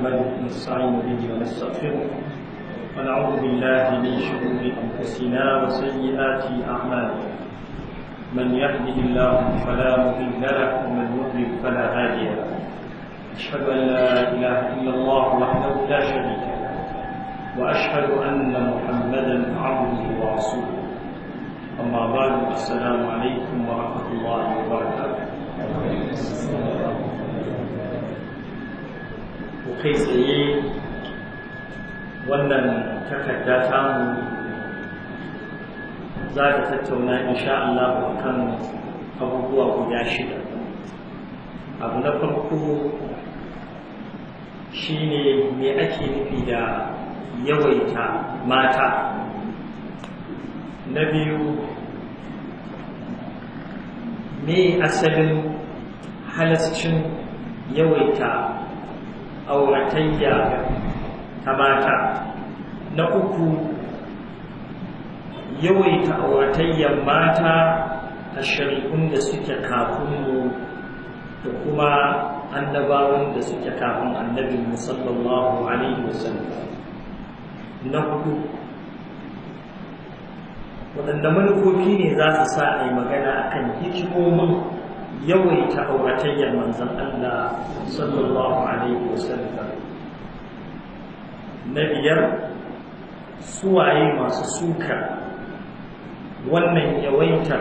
نحمده ونستعين به ونستغفره ونعوذ بالله من شرور انفسنا وسيئات اعمالنا من يهده الله فلا مضل له ومن يضلل فلا هادي له اشهد ان لا اله الا الله وحده لا شريك له واشهد ان محمدا عبده ورسوله أما بعد السلام عليكم ورحمة الله وبركاته Ku kai tsaye wannan takarda samu za ta tattauna insha Allah a kan abubuwa guda shida abu na farko shi ne me ake nufi da yawaita mata na biyu me asalin halascin yawaita auratayya ta mata na uku yawaita auratayyar mata a shari'un da suke kafinmu da kuma annabawan da suke kafin annabin musallallahu alaihi wasallam na hudu waɗanda manufofi ne za su sa a yi magana akan hikimomin yawaita auratayyar manzan Allah sallallahu alaihi wasallam na biyar suwaye masu suka wannan yawaita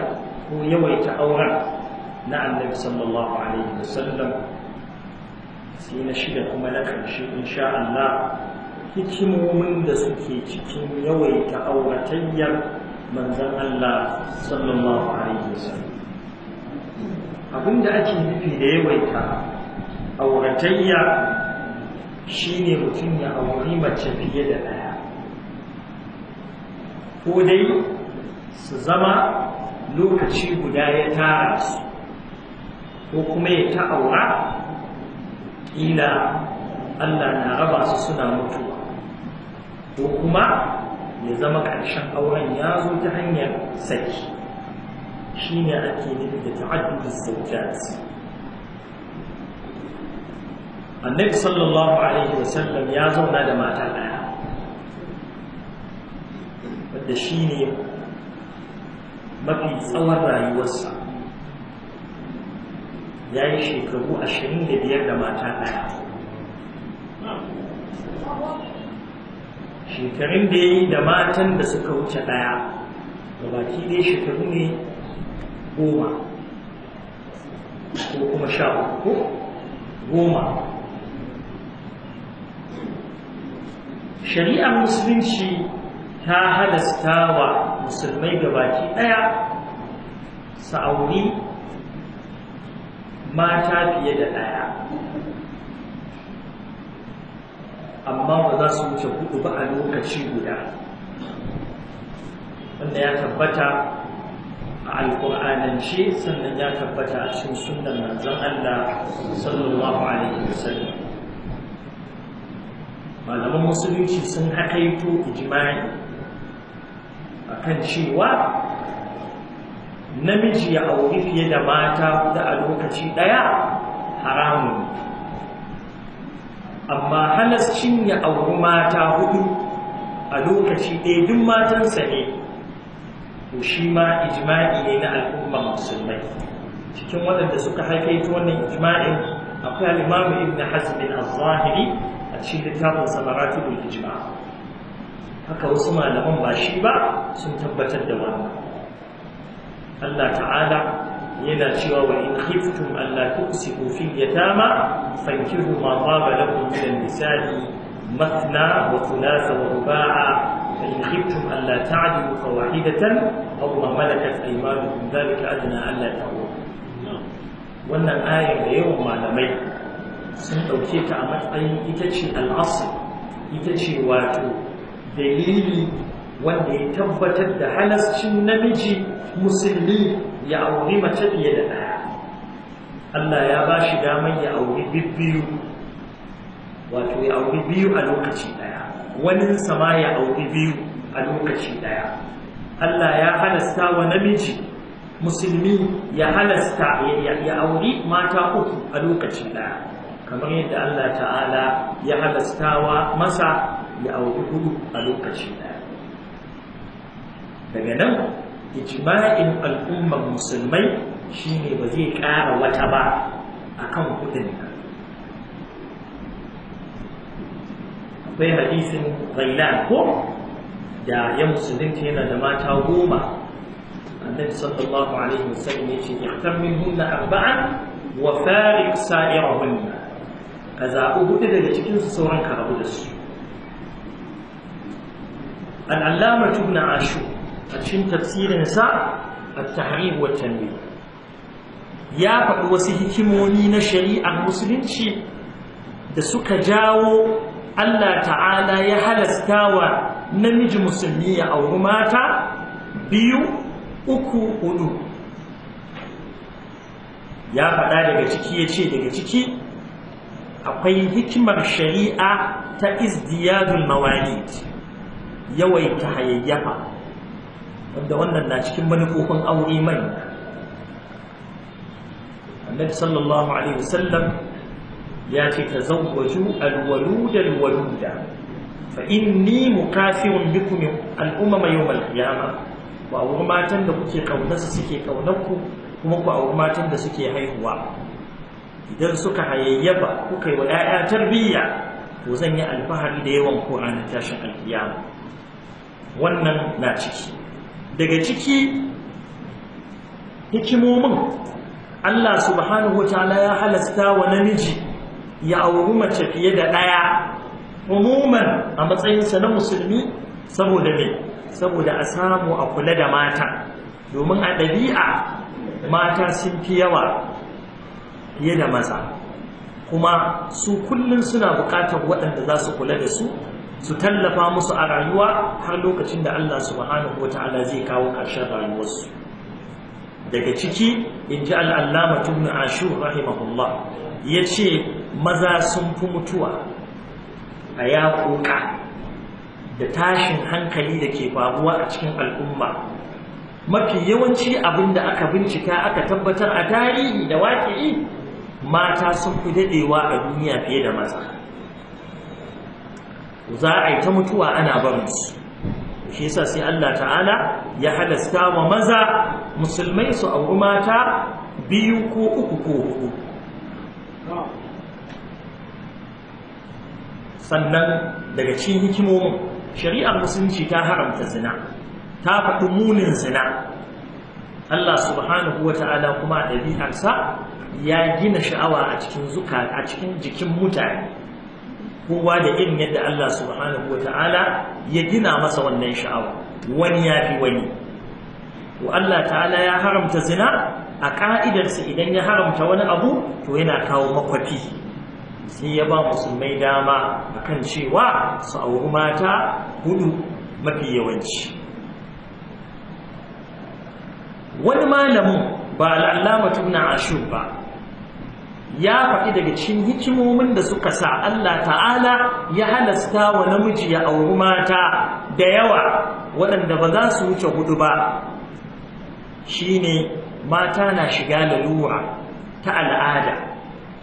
ko yawaita auren na annabi sallallahu alaihi wasallam sai na shida kuma na ƙarshe insha Allah hikimomin da suke cikin yawaita auratayyar manzan Allah sallallahu alaihi wasallam abin da ake nufi da yawaita auratayya shine mutum ya auri mace fiye da ɗaya ko dai su zama lokaci guda ya tara su ko kuma ya ta aura ƙila allah na raba su suna mutuwa ko kuma ya zama ƙarshen auren ya zo ta hanyar saki shine ake nufi da ta'addud zawjat annabi sallallahu alaihi wa sallam ya zauna da mata daya wanda shine mafi tsawon rayuwarsa ya yi shekaru ashirin da biyar da mata ɗaya shekarun da ya yi da matan da suka wuce ɗaya da baki dai shekaru ne goma ko kuma sha uku goma shari'ar musulunci ta halasta wa musulmai gabaki ɗaya sa'auri mata fiye da ɗaya amma ba za su wuce hudu ba a lokaci guda wanda ya tabbata a alƙur'anance sannan ya tabbata a cikin sunan manzon Allah sallallahu alaihi wasallam malaman musulunci sun haƙaito ijma'i akan cewa namiji ya auri fiye da mata da a lokaci ɗaya haramun amma halascin ya auri mata hudu a lokaci ɗaya duk matansa ne to shi ma ijma'i ne na al'ummar musulmai cikin waɗanda suka haife ta wannan ijma'in akwai al-imamu ibn hazm al-zahiri a cikin littafin samaratibul ijma haka wasu malaman ba shi ba sun tabbatar da wannan Allah ta'ala yana cewa wa in khiftum an la tuqsitu fil yatama fankihu ma taba lakum min an-nisa'i mathna wa thulatha wa ruba'a فإن خفتم ألا تعدلوا فواحدة أو ما ملكت أيمانكم ذلك أدنى ألا تعودوا wannan ayar da yawan malamai sun ɗauke ta a matsayin ita ce al'asir ita ce wato dalili wanda ya tabbatar da halascin namiji musulmi ya auri mace fiye da ɗaya Allah ya ba shi damar ya auri biyu wato ya auri biyu a lokaci ɗaya wani sama ya auri biyu a lokaci ɗaya. Allah ya halasta wa namiji musulmi ya halasta ya auri mata uku a lokaci ɗaya. kamar yadda Allah ta'ala ya halasta wa masa ya auri hudu a lokaci ɗaya. daga nan ijma'in al'ummar musulmai shine ba zai ƙara wata ba akan hudun ka. akwai hadisin ghailan ko da ya musulunta yana da mata goma annabi sallallahu alaihi wasallam yace ihtar minhunna arba'an wa fariq sa'irahunna ka zaɓi hudu daga cikin su sauran ka rabu da su al'allama tubna ashu a cikin sa a tahrir wa ya faɗi wasu hikimomi na shari'ar musulunci da suka jawo Allah ta'ala ya halasta wa namiji musulmi ya auri mata biyu uku hudu ya faɗa daga ciki ya ce daga ciki akwai hikimar shari'a ta izdiyadul mawanid yawaita hayayyafa wanda wannan na cikin manufofin aure mai annabi sallallahu alaihi wasallam ya ce ta zawwaju alwaluda alwaluda fa inni mukafirun bikum al'umma yawmal qiyama ku auri matan da kuke su suke kaunar ku kuma ku auri matan da suke haihuwa idan suka hayayyaba kuka yi wa 'ya'ya tarbiyya to zan yi alfahari da yawan ku ranar tashin alkiyama wannan na ciki daga ciki hikimomin Allah subhanahu wa ta'ala ya halasta wa namiji ya auri mace fiye da ɗaya umuman a matsayinsa na musulmi saboda ne saboda a samu a kula da mata domin a ɗabi'a mata sun fi yawa fiye da maza kuma su kullum suna buƙatar waɗanda za su kula da su su tallafa musu a rayuwa har lokacin da Allah subhanahu wata'ala zai kawo ƙarshen rayuwarsu daga ciki in ji al'allama tun ashur rahimahullah ya ce maza sun fi mutuwa a yaƙoƙa da tashin hankali da ke faruwa a cikin al'umma mafi yawanci abin da aka bincika aka tabbatar a tarihi da waƙi'i mata sun fi daɗewa a duniya fiye da maza za a yi ta mutuwa ana barinsu shi yasa sai Allah ta'ala ya halasta wa maza musulmai su auri mata biyu ko uku ko huɗu. sannan daga cikin hikimomin shari'ar musulunci ta haramta zina ta faɗi munin zina Allah subhanahu wa ta'ala kuma a ɗabi'arsa ya gina sha'awa a cikin zuka a cikin jikin mutane kowa da irin yadda Allah subhanahu wa ta'ala ya gina masa wannan sha'awa wani ya fi wani to Allah ta'ala ya haramta zina a ka'idarsa idan ya haramta wani abu to yana kawo makwafi sai ya ba musulmai dama a kan cewa su auri mata hudu mafi yawanci wani malamin ba al'allama na ashu ba ya faɗi daga cikin hikimomin da suka sa Allah ta'ala ya halasta wa namiji ya auri mata da yawa waɗanda ba za su wuce hudu ba shine mata na shiga lalura ta al'ada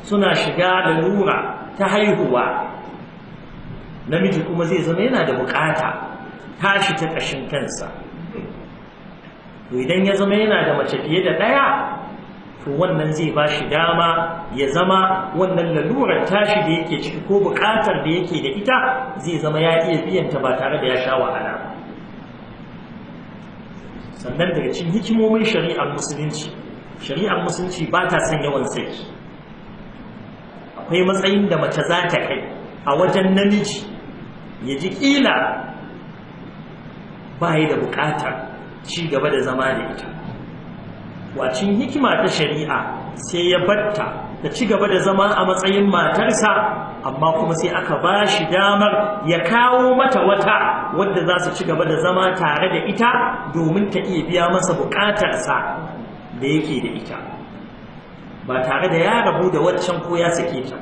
suna shiga da lura ta haihuwa namiji kuma zai zama yana da bukata tashi ta ƙashin kansa to idan ya zama yana da mace fiye da ɗaya to wannan zai ba shi dama ya zama wannan lalurar tashi da yake ciki ko bukatar da yake da ita zai zama ya iya biyan ta ba tare da ya sha wahala sannan daga cikin hikimomin shari'ar musulunci shari'ar musulunci ba ta son yawan saki akwai matsayin da mace za ta kai a wajen namiji ya ji ƙila ba da buƙatar ci gaba da zama da ita wacin hikima ta shari'a sai ya batta da ci gaba da zama a matsayin matarsa amma kuma sai aka ba shi damar ya kawo mata wata wadda za su ci gaba da zama tare da ita domin ta iya biya masa buƙatarsa da yake da ita ba tare da ya rabu da waccan ko ya sake ta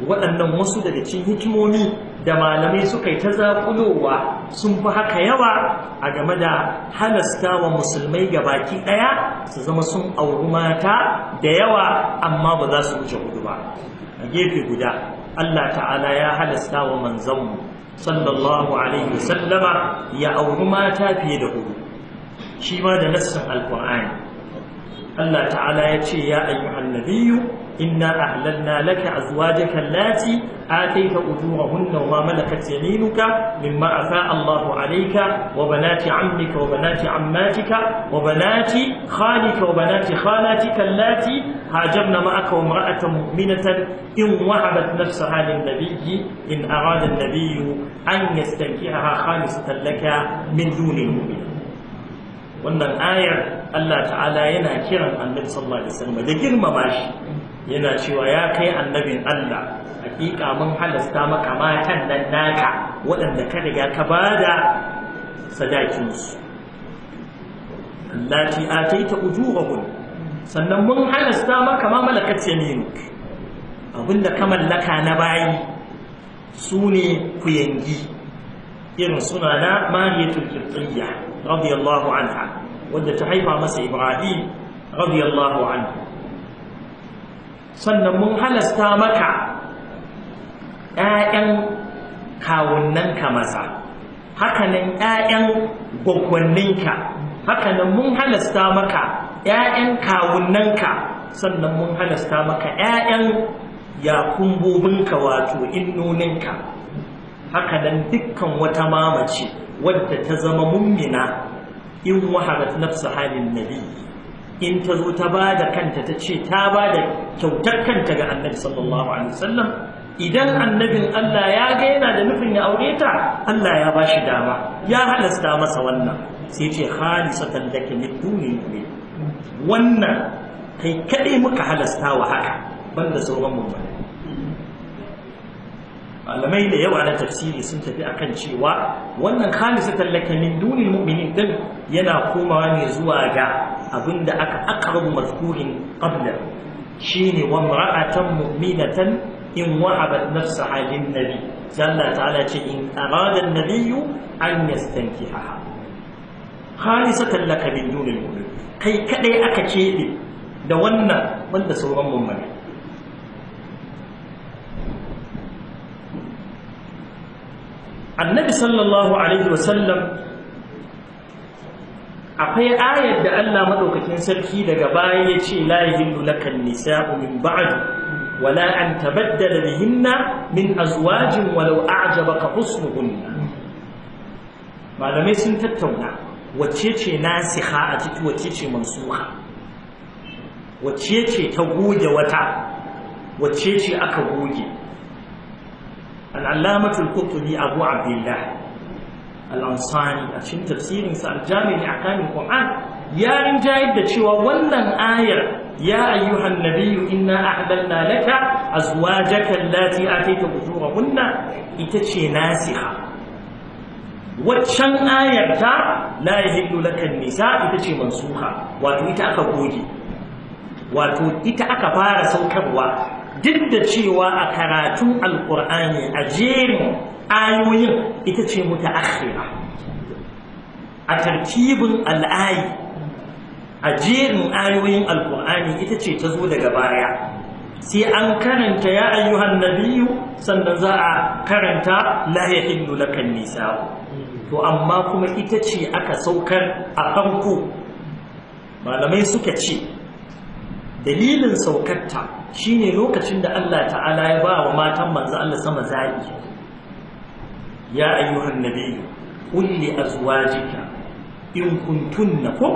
waɗannan wasu daga cikin hikimomi da malamai suka yi ta zaƙulowa sun fi haka yawa a game da halasta wa musulmai ga baki ɗaya su zama sun auri mata da yawa amma ba za su wuce hudu ba a gefe guda Allah ta'ala ya halasta wa manzanmu sallallahu alaihi wasallama ya auri mata fiye da hudu shi ma da nassin alkur'ani Allah ta'ala ya ce ya ayyuhan nabiyyu inna ahlalna laka azwajaka allati ataita ujurahunna wa malakat yaminuka mimma afa Allahu alayka wa banati ammika wa banati ammatika wa banati khalika wa banati khalatika allati hajabna ma'aka wa imra'atan mu'minatan in wahabat nafsaha lin nabiyyi in arada an-nabiyyu an yastankihaha khalisatan laka min duni al-mu'minin wannan ayar Allah ta'ala yana kiran annabi sallallahu alaihi wasallam da girmama shi yana cewa ya kai annabin Allah hakika mun halasta maka matan nan naka waɗanda ka riga ka bada sadakinsu allati ataita ujurahun sannan mun halasta maka ma malakat yaminuk abinda ka mallaka na bayi su ne kuyangi irin suna na mariyatul qibtiyya radiyallahu anha wadda ta haifa masa ibrahim radiyallahu anhu sannan mun halasta maka ‘ya'yan kawunanka maza hakanan ‘ya'yan gwaggwanninka hakanan mun halasta maka ‘ya'yan kawunanka sannan mun halasta maka ‘ya'yan yakumbobinka wato innoninka hakanan dukkan wata mamace wadda ta zama mummina in waharat nafsa halin nabi in ta zo ta ba da kanta ta ce ta ba da kyautar kanta ga annabi sallallahu alaihi wasallam idan annabin Allah ya ga yana da nufin ya aure ta Allah ya ba shi dama ya halasta masa wannan sai ce khalisatan laki min duni ne wannan kai kadai muka halasta wa haka banda sauran mu malamai da yawa na tafsiri sun tafi akan cewa wannan khamisa tallaka min dunil mu'minin din yana komawa ne zuwa ga abinda aka aqrabu mazkurin qabla shine wa imra'atan mu'minatan in wahabat nafsaha lin nabi Allah ta'ala ce in arada an-nabiy an yastankihaha khalisatan laka min dunil mu'min kai kadai aka kebe da wannan wanda sauran mummuni annabi sallallahu alaihi wasallam akwai ayar da Allah maɗaukacin sarki daga baya ya ce la yahindu nisa'u min ba'd ولا أن تبدل بهن من أزواج ولو أعجبك حسنهن malamai sun tattauna wacce ce nasiha a ciki wacce ce mansuha wacce ce ta goge wata wacce ce aka goge al'allamatul kutubi abu abdullah al'ansani a cikin tafsirinsa aljami'in a kamin ƙwa'an ya rinjayar da cewa wannan ayar ya ayyuhan nabiyu inna ahdalna laka azwajaka allati atayta ujurahunna ita ce nasiha waccan ayar ta la yahillu nisa ita ce mansuha wato ita aka goge wato ita aka fara saukarwa duk da cewa a karatun alƙur'ani a jerin ayoyin ita ce muta akhira a tartibin al'ayi a jerin ayoyin alƙur'ani ita ce ta zo daga baya sai an karanta ya ayyuhan nabiyu sannan za a karanta la yahillu lakan nisa to amma kuma ita ce aka saukar a farko malamai suka ce dalilin saukarta shine lokacin da Allah ta'ala ya ba wa matan manzo Allah sama zaki ya ayyuhan nabiyyu qul li azwajika in kuntunna ko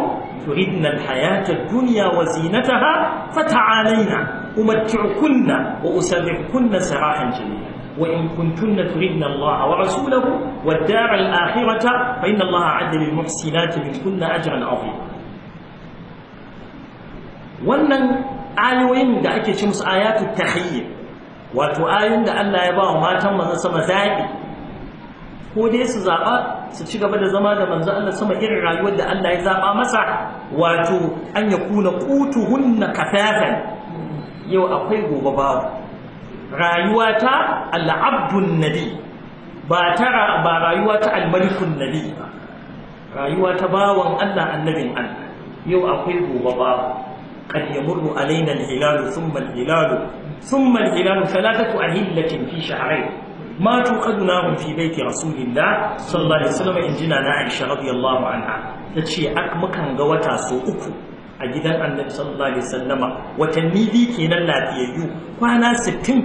turidna hayata ad-dunya wa zinataha fata'alayna umatti'kunna wa usarrihkunna sarahan jamila wa in kuntunna turidna Allah wa rasulahu wad-dara al-akhirata fa inna Allah 'adda lil-muhsinati minkunna ajran 'azima wannan ayoyin da ake ce musu ayatu tahiyya wato ayoyin da Allah ya ba wa matan manzon sama zaɓi ko dai su zaba su ci gaba da zama da manzon Allah sama irin rayuwar da Allah ya zaba masa wato an ya kuna qutuhunna kafafan yau akwai gobe babu rayuwa ta al'abdun nabi ba ta ba rayuwa ta al-malikun nabi ba rayuwa ta bawan Allah annabin Allah yau akwai gobe babu قد يمر علينا الهلال ثم الهلال ثم الهلال ثلاثة أهلة في شهرين ما توقدناهم في بيت رسول الله صلى الله عليه وسلم إن جنا عائشة رضي الله عنها تشي أك مكان غوتا سو أكو أجدان النبي صلى الله عليه وسلم وتنميذي كينا لا تيجو وانا ستين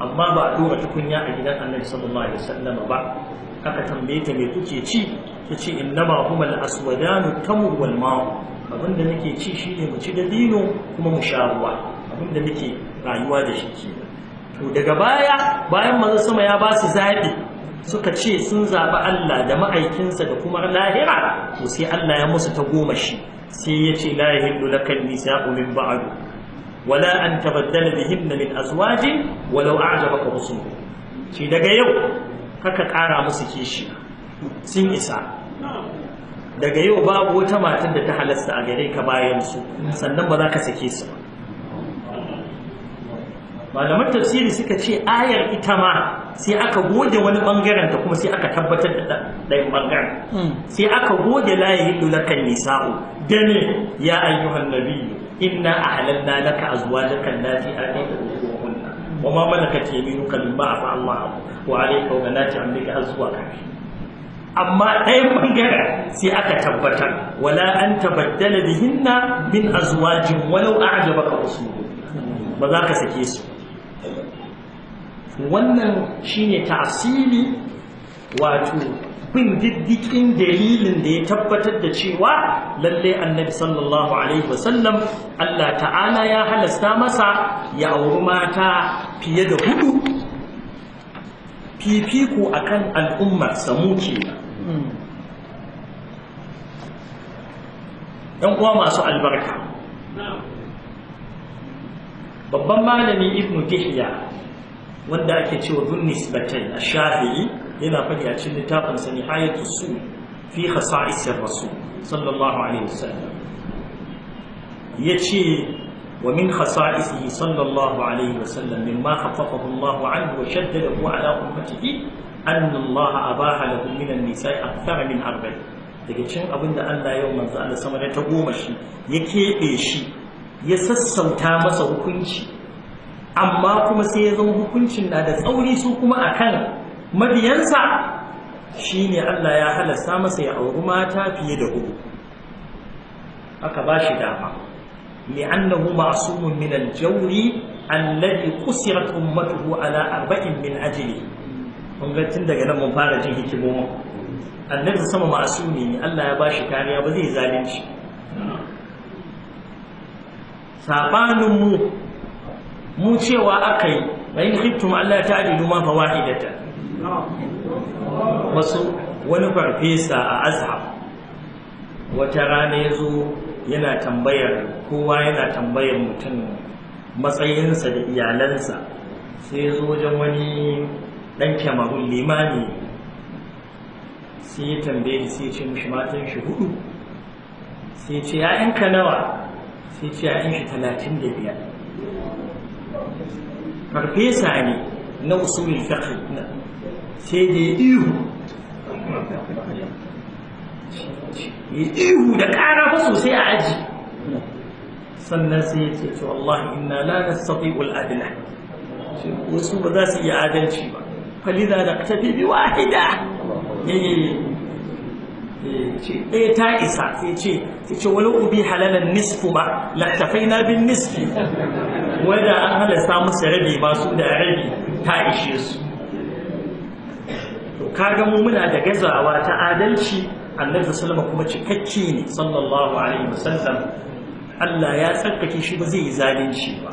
أما بعد تكنيا أجدان النبي صلى الله عليه وسلم بعد أكتم بيت ميتوكي تشي تشي إنما هما الأسودان التمر والماء abinda nake ci shine mu ci dabino kuma mu sha ruwa da nake rayuwa da shi ke to daga baya bayan manzo sama ya ba su zaɓi suka ce sun zaɓi Allah da ma'aikinsa da kuma lahira to sai Allah ya musu ta goma shi sai ya ce la yahillu lakan nisa'u min ba'd wala an tabaddala bihinna min azwajin walau a'jabaka husnuhum shi daga yau kaka ƙara musu kishi sun isa daga yau babu wata matar da ta halasta a gare ka bayan su sannan ba za ka sake su malaman tafsiri suka ce ayar ita ma sai aka goge wani bangaren ta kuma sai aka tabbatar da ɗayan bangaren hmm. sai aka goge layi lulakan nisa'u da ne ya ayyuhan nabiyyu inna ahlalna laka azwajakan lati atayta ujuhunna wa ma malakat yaminuka mimma afa Allah wa alayka wa banati amrika azwajaka amma ɗayan bangare sai aka tabbatar wala an tabaddala bihinna min azwajin walau a'jabaka usulu ba za ka sake su wannan shine ta'sili wato bin diddikin dalilin da ya tabbatar da cewa lallai annabi sallallahu alaihi wasallam Allah ta'ala ya halasta masa ya auri mata fiye da hudu fifiko akan al'ummar samu kenan yan uwa masu albarka babban malami ibnu dihya wanda ake cewa dun nisbatai a shafi'i yana faɗi a cikin littafin Sani nihayatu su fi isar rasul sallallahu alaihi wasallam ce wa min khasa'isihi sallallahu alaihi wasallam ma khaffafahu Allah anhu wa shaddadahu ala ummatihi أن a أباح لهم من النساء أكثر من أربع daga cikin abin da Allah yau manzo Allah sama da ta goma shi ya keɓe shi ya sassauta masa hukunci amma kuma sai ya zama hukuncin na da tsauri su kuma akan mabiyansa shi ne Allah ya halasta masa ya auri mata fiye da hudu aka ba shi dama li'annahu ma'sumun min al-jawri alladhi qusirat ummatuhu ala arba'in min ajlihi kun ga tun daga nan mun fara jin hikimomin annabi sama ma'asumi ne Allah ya bashi kariya ba zai zalunci sabanin mu mu cewa akai bayin khiftum Allah ta adilu ma fawaidata wasu wani farfesa a azhar wata rana ya zo yana tambayar kowa yana tambayar mutum matsayinsa da iyalansa sai ya zo wajen wani dan kyamarun limani sai ya tambaye ni sai ya ce mishi matan shi hudu sai ya ce ka nawa sai ya ce ‘ya'yan shi 35 farfesa ne na usulin fiqh sai da ya ihu ya ihu da ƙara fa sosai a aji sannan sai ya ce to wallahi inna la nastati'u al-adla wasu ba za su iya adalci ba faliza da tafi bi wahida eh, ce eh, ta isa sai ce sai ce wani ubi halalan nisfu ma lattafai na bin nisfi wanda an halasta masa rabi masu su da rabi ta ishe su to ka kaga mu muna da gazawa ta adalci annabi sallama kuma cikakke ne sallallahu alaihi wasallam Allah ya tsarkake shi ba zai yi zalunci ba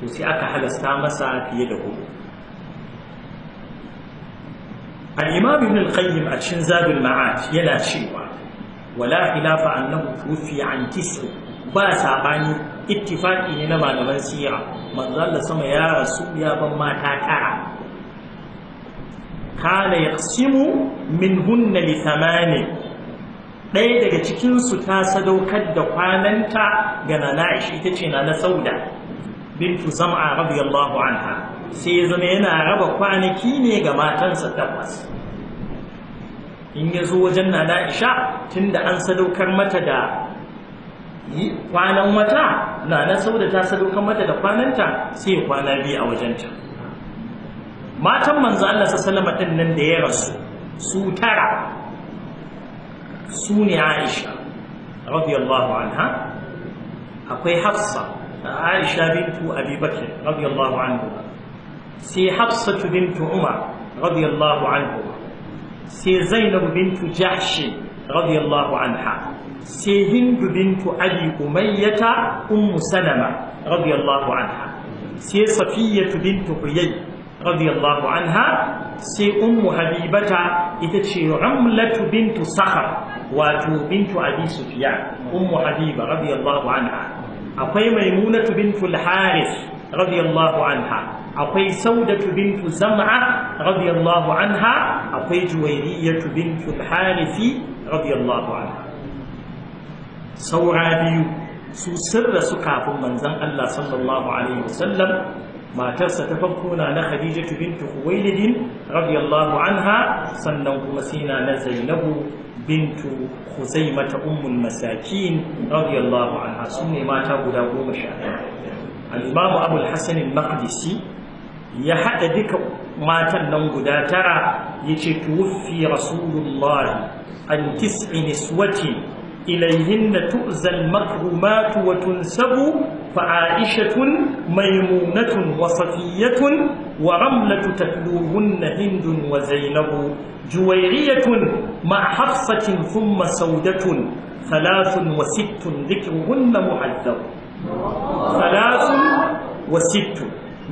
to sai aka halasta masa fiye da hudu al-imam ibn al-qayyim a cikin zabin ma'ad yana cewa wala khilafa annahu tufi an tis'u ba sabani ittifaqi ne na malaman sira manzo Allah sama ya rasu ya ban mata ta. kana yaqsimu min li thamani ɗaya daga cikinsu ta sadaukar da kwananta ga nana ita ce na na sauda bintu zam'a radiyallahu anha sai ya zama yana raba kwanaki ne ga matansa tabbas in ya zo wajen na'isha isha tunda an sadaukar mata da kwanan wata nana sauda ta sadaukar mata da kwananta sai kwana biyu a wajenta matan manzo Allah salama alaihi nan da ya rasu su tara su ne Aisha radiyallahu anha akwai Hafsa Aisha bintu Abi Bakr radiyallahu anha sai hafsatu bintu umar radiyallahu anhu sai zainab bintu jahsh radiyallahu anha sai hindu bintu abi umayyata ummu salama radiyallahu anha sai safiyatu bintu huyay radiyallahu anha sai ummu habibata ita ce ramlatu bintu sakhar wato bintu abi sufyan ummu habiba radiyallahu anha akwai maimunatu bintu al-harith radiyallahu anha akwai saudatu bintu zam'a radiyallahu anha akwai juwairiyatu bintu harifi radiyallahu anha saura biyu su sirra su kafin manzon Allah sallallahu alaihi wasallam matarsa ta farko na na Khadijatu bintu Khuwailid radiyallahu anha sannan kuma sina na Zainabu bintu Khuzaimah ummul masakin radiyallahu anha sune mata guda goma al imamu Abu al-Hasan al-Maqdisi ya hada duka matan nan guda tara yace tuwfi rasulullah an tis'i niswati ilayhinna tu'zal makrumatu wa tunsabu fa aishatun maymunatun wa فعائشة ميمونة وصفية ورملة تتلوهن هند وزينب جويرية مع حفصة ثم سودة ثلاث وست ذكرهن محذب ثلاث وست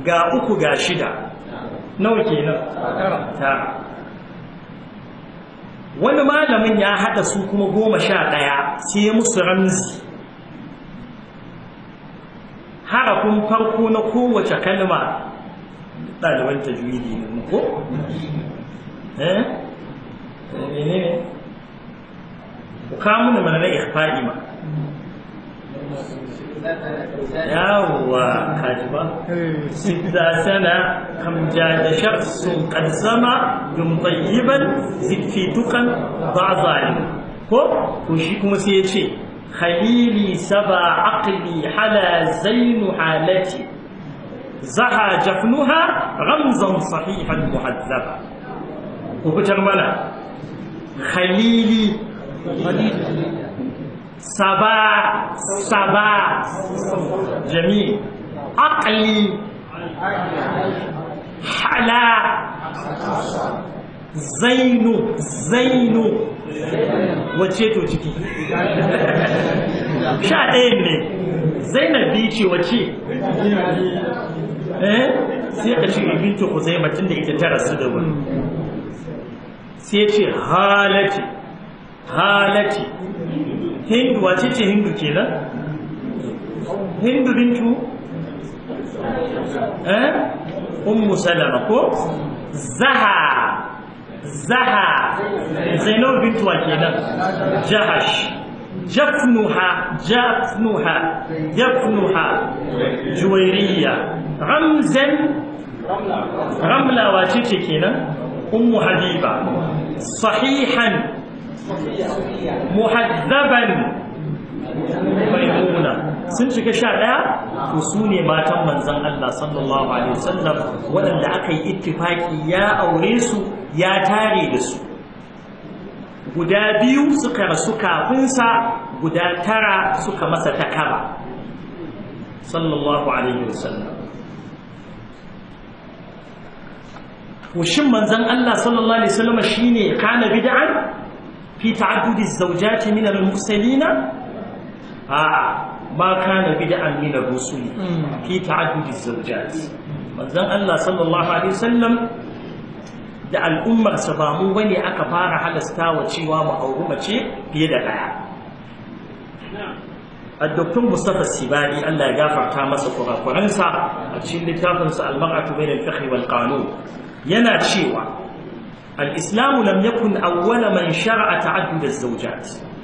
ga uku ga shida nawa kenan tara wani malamin ya haɗa su kuma goma sha ɗaya sai musu ramzi harafin farko na kowace kalma ɗaliban juyi ne ko? eh? eh ne ne? ku kamun mana na ihfa'i ma yawwa kajiba sidda sana kam da shakhsun qad zama dum tayyiban zikfitukan ba'dhan ko ko shi kuma sai ya ce khalili saba aqli hala zainu halati zaha jafnuha ramzan sahihan muhadzaba ku fitar mana khalili Saba, Saba, Jami, عقلي Hala, zainu zainu wace to ciki sha ɗaya ne zainabi ce wace eh sai ka ce bintu huzaima tun da ita tara su da wani sai ce halati halati هندو واتيتي هندو كيلا هندو بنتو أم سلمة كو زها زها زينو بنتو كيلا جهش جفنها جفنها جفنها جويرية رمزا رملة واتيتي كيلا أم حبيبة صحيحا muhazzaban maimuna sun shiga sha ɗaya to su ne matan manzan Allah sallallahu alaihi wasallam waɗanda aka yi ittifaki ya aure su ya tare da su guda biyu suka rasu kafinsa guda tara suka masa ta takaba sallallahu alaihi wasallam to shin manzan Allah sallallahu alaihi wasallam shine kana bid'an في تعدد الزوجات من المرسلين آه ما كان بدعا من الرسل في تعدد الزوجات مثلا الله صلى الله عليه وسلم da al'ummarsa ba mu bane aka fara halasta wa cewa mu auri mace fiye da ɗaya. a doktor mustapha sibani allah ya gafarta masa kurakuransa a cikin littafinsa al-mar'atu bainal fiqh wal qanun yana cewa al-islamu lam yakun awwala man shara'a ta'addud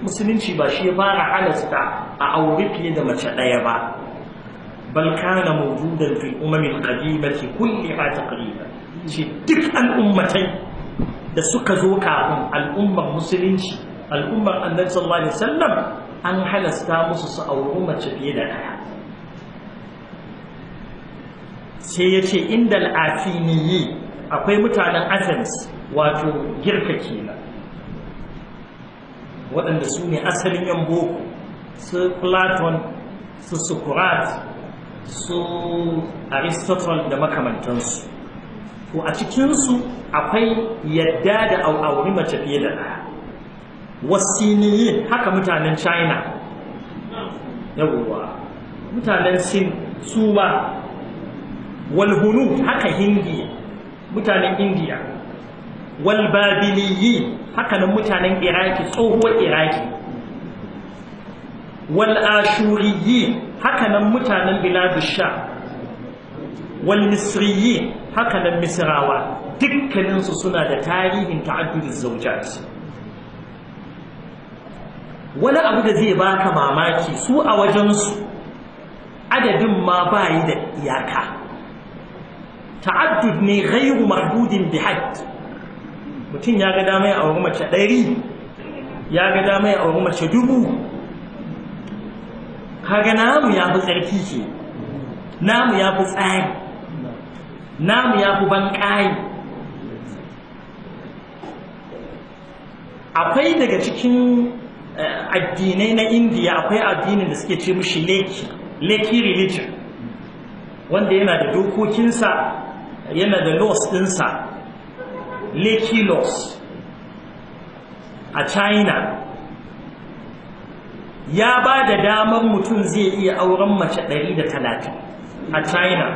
musulunci ba shi ya fara halasta a aure fiye da mace ɗaya ba balkana kana mawjudan fi umamin qadimati kulliha taqriban shi duk al'ummatai da suka zo kafin al'ummar musulunci al'ummar annabi sallallahu alaihi wasallam an halasta musu su auri mace fiye da ɗaya sai ya ce inda al'afiniyi akwai mutanen athens wato girka kenan waɗanda su ne asalin yan boko su platon su socrates su aristotle da makamantansu to a cikinsu akwai yadda da auri mace fiye da ɗaya wasiniyin haka mutanen china yawwa mutanen sin su Walhulu, walhunu haka hindiya mutanen indiya wal babiliyi hakanan mutanen iraki tsohuwar iraki wal ashuriyi hakanan mutanen biladu sha wal misriyi hakanan misrawa dukkaninsu suna da tarihin ta'addudin zaujati wani abu da zai baka mamaki su a wajensu adadin ma bayi da iyaka ta'addud ne ghairu mahdudin bihad mutum ya ga damai a wuri mace ɗari ya ga damai a wuri mace dubu kaga namu ya fi tsarki ce namu ya fi tsari namu ya fi banƙayi akwai daga cikin eh, addinai na indiya akwai addinin da suke ce mushi leki leki religion wanda yana da dokokinsa yana da laws ɗinsa Lekki a China ya ba da damar mutum zai iya auren mace 130 a China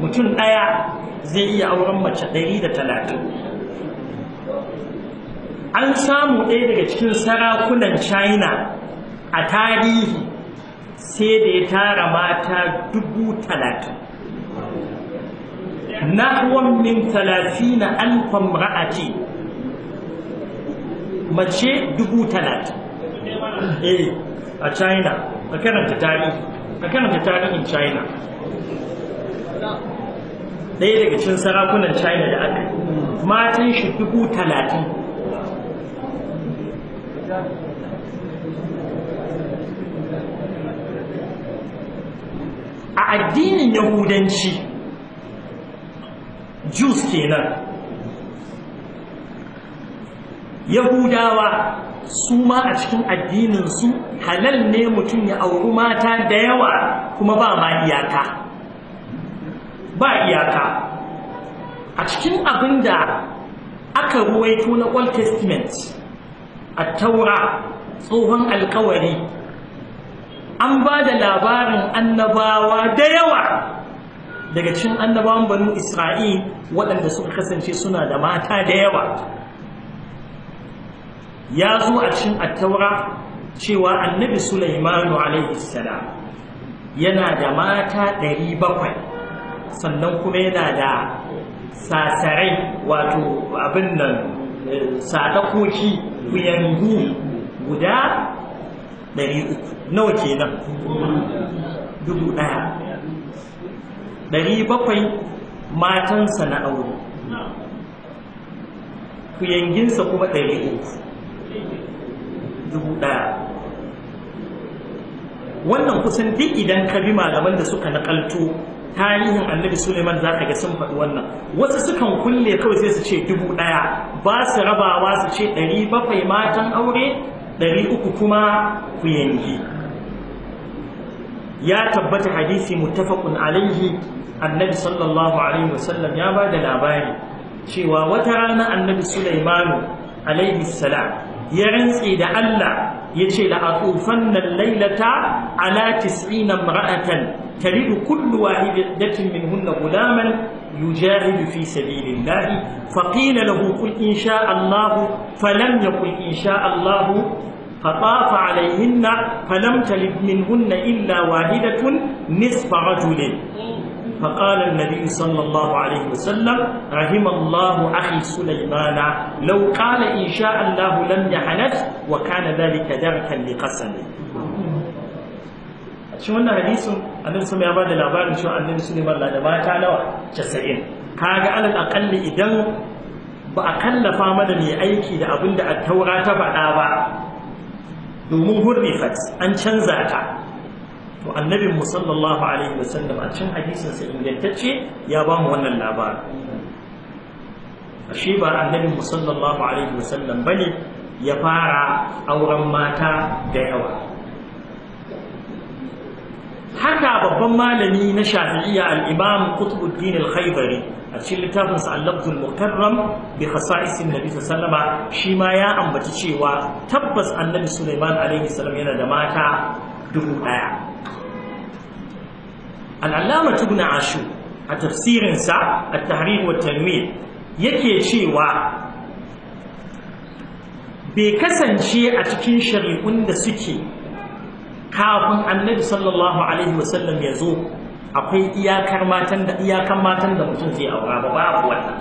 mutum ɗaya zai iya auren mace 130 an samu ɗaya daga cikin sarakunan China a tarihi sai da ya tara mata dubu talatin nahwan min 30 alf imra'ati mace dubu 30 a China ka karanta tarihin China ɗaya daga cikin sarakunan China da aka matan shi dubu talatin. a addinin yahudanci jus kenan yahudawa su ma a cikin addininsu halal ne mutum ya auri mata da yawa kuma ba ma iyaka ba iyaka a cikin abin da aka ruwaito na old testament a taura tsohon alkawari an ba da labarin annabawa da yawa daga cikin annabawan banu isra'il waɗanda suka kasance suna da mata da yawa ya zo a cikin attaura cewa annabi sulaimanu alaihi salam yana da mata 700, sannan kuma yana da sasarai wato abin nan eh, sadakoki kuyangu guda 300, nawa kenan dubu ɗaya ɗari bakwai matansa na aure kuyanginsa kuma ɗari uku dubu ɗaya wannan kusan duk idan ka bi malaman da suka naƙalto tarihin annabi suleiman za ka ga sun faɗi wannan wasu sukan kulle kawai sai su ce dubu ɗaya ba su rabawa su ce ɗari bakwai matan aure ɗari uku kuma kuyangi ya tabbata hadisi muttafaqun alaihi annabi sallallahu alaihi wasallam ya ba da labari cewa wata rana annabi sulaimanu alaihi salam ya rantse da Allah ya ce la atufanna lailata ala 90 imra'atan taridu kullu wahidatin minhunna gulaman yujahidu fi sabilillah faqila lahu qul in sha Allah falam yaqul in sha Allah فطاف عليهن فلم تلد منهن إلا واحدة نصف رجل فقال النبي صلى الله عليه وسلم رحم الله أخي سليمان لو قال إن شاء الله لم يحنث وكان ذلك دركا لقسمه shi wannan hadisin annabi sun ya bada labarin cewa annabi Sulaiman na da mata nawa 90 kaga alal aqalli idan ba a kallafa mana mai aiki da abin da at-taura ta faɗa ba domin hurrifat an canza ta to annabin mu sallallahu alaihi sallam a cikin hadisin sa ingantacce ya ba mu wannan labarin ashe ba annabin mu sallallahu alaihi wasallam bane ya fara auren mata da yawa haka babban malami na shafi'iyya al-imam qutbuddin al-khaybari a cikin littafin sa al-lafzul mukarram bi khasa'isin nabi sallama shi ma ya ambaci cewa tabbas annabi Sulaiman alaihi salam yana da mata dubu daya al-allama ashu a tafsirin sa at-tahrir wa tanwir yake cewa bai kasance a cikin shari'un da suke kafin annabi sallallahu alaihi wasallam ya zo akwai iyakar matan da iyakan matan da mutum zai aura ba babu wannan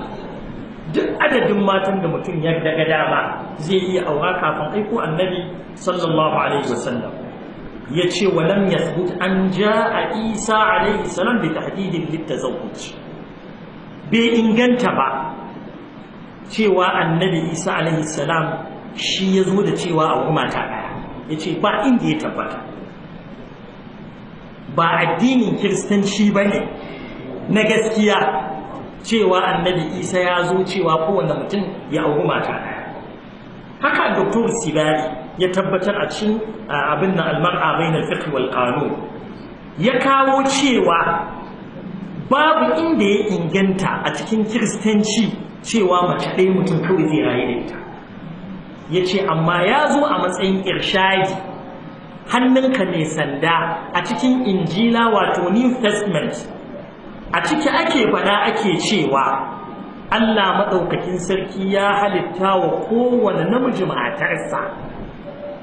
duk adadin matan da mutum ya daga dama zai iya aura kafin aiko annabi sallallahu alaihi wasallam ya ce wa lam an ja'a isa alaihi salam bi tahdidin litazawwuj bai inganta ba cewa annabi isa alaihi salam shi ya zo da cewa a mata ɗaya ya ce ba inda ya tabbata ba addinin kiristanci ba ne na gaskiya cewa annabi isa ya zo cewa kowane mutum ya auri mata haka Dr. sibari ya tabbatar a cikin abin na almar'a bainal na wal ya kawo cewa babu inda ya inganta a cikin kiristanci cewa mace ɗaya mutum kawai zai rayu da ita ya ce amma ya zo a matsayin irshadi hannunka mai sanda a cikin injila wato new testament a ciki ake faɗa ake cewa Allah maɗaukakin sarki ya halitta wa kowane namiji matarsa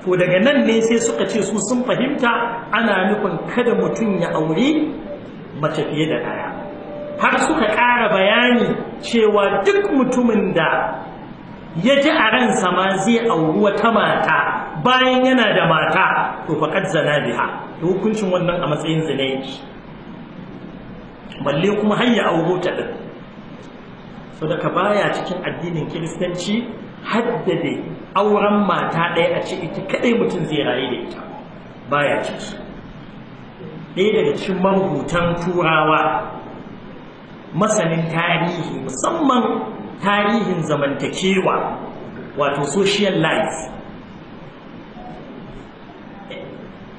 to daga nan ne sai suka ce su sun fahimta ana nufin kada mutum ya aure mace fiye da ɗaya har suka ƙara bayani cewa duk mutumin da ya ji a ran sama zai auri wata mata bayan yana da mata to faqad zana biha to hukuncin wannan a matsayin zina yake balle kuma har ya auro ta din saboda baya cikin addinin kiristanci haddade auren mata ɗaya a ce ita kadai mutum zai rayu da ita baya ciki ɗaya daga cikin marubutan turawa masanin tarihi musamman tarihin zamantakewa wato social life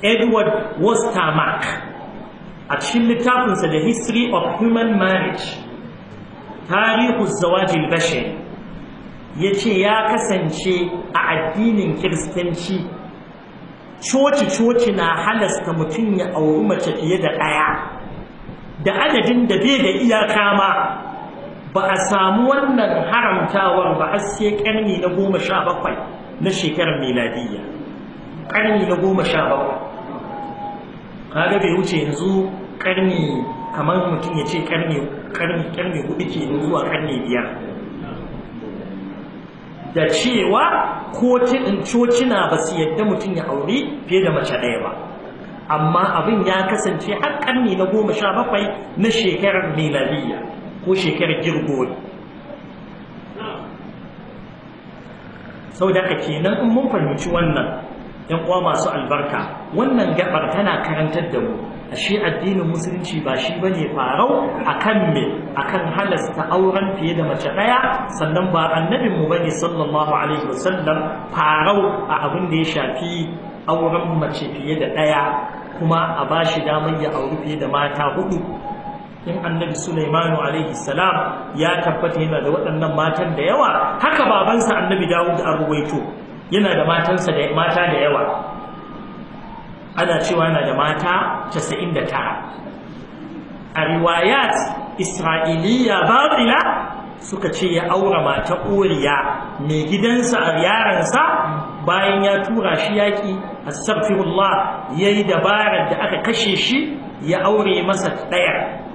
edward wostermark a cikin littafinsa the history of human marriage tarihu zawajin bashe ya ce ya kasance a addinin kiristanci coci-coci na halasta mutum ya auri mace fiye da ɗaya da adadin da bai da iyaka ma ba a samu wannan haramtawar ba har sai karni na goma sha bakwai na shekarar miladiyya karni na goma sha bakwai kaga bai wuce yanzu karni kamar mutum ya ce karni karni karni hudu ke zuwa karni biyar da cewa kotun cocina ba su yadda mutum ya aure fiye da mace ɗaya ba amma abin ya kasance har karni na goma sha bakwai na shekarar miladiyya ko shekarar girgo sau da kenan in mun fahimci wannan yan uwa masu albarka wannan gabar tana karantar da mu ashe addinin musulunci ba shi bane farau akan me akan halasta auren fiye da mace daya sannan ba annabin mu bane sallallahu alaihi wasallam farau a abin da ya shafi auren mace fiye da daya kuma a bashi damar ya auri fiye da mata hudu in annabi Sulaimanu alaihi salam ya tabbata yana da waɗannan matan da yawa haka babansa annabi Dawud an ruwaito yana da matansa da mata da yawa ana cewa yana da mata 99 a riwayat isra'iliya babila suka ce ya aura mata uriya mai gidansa a yaransa bayan ya tura shi yaƙi astaghfirullah yayi dabarar da aka kashe shi ya aure masa ɗaya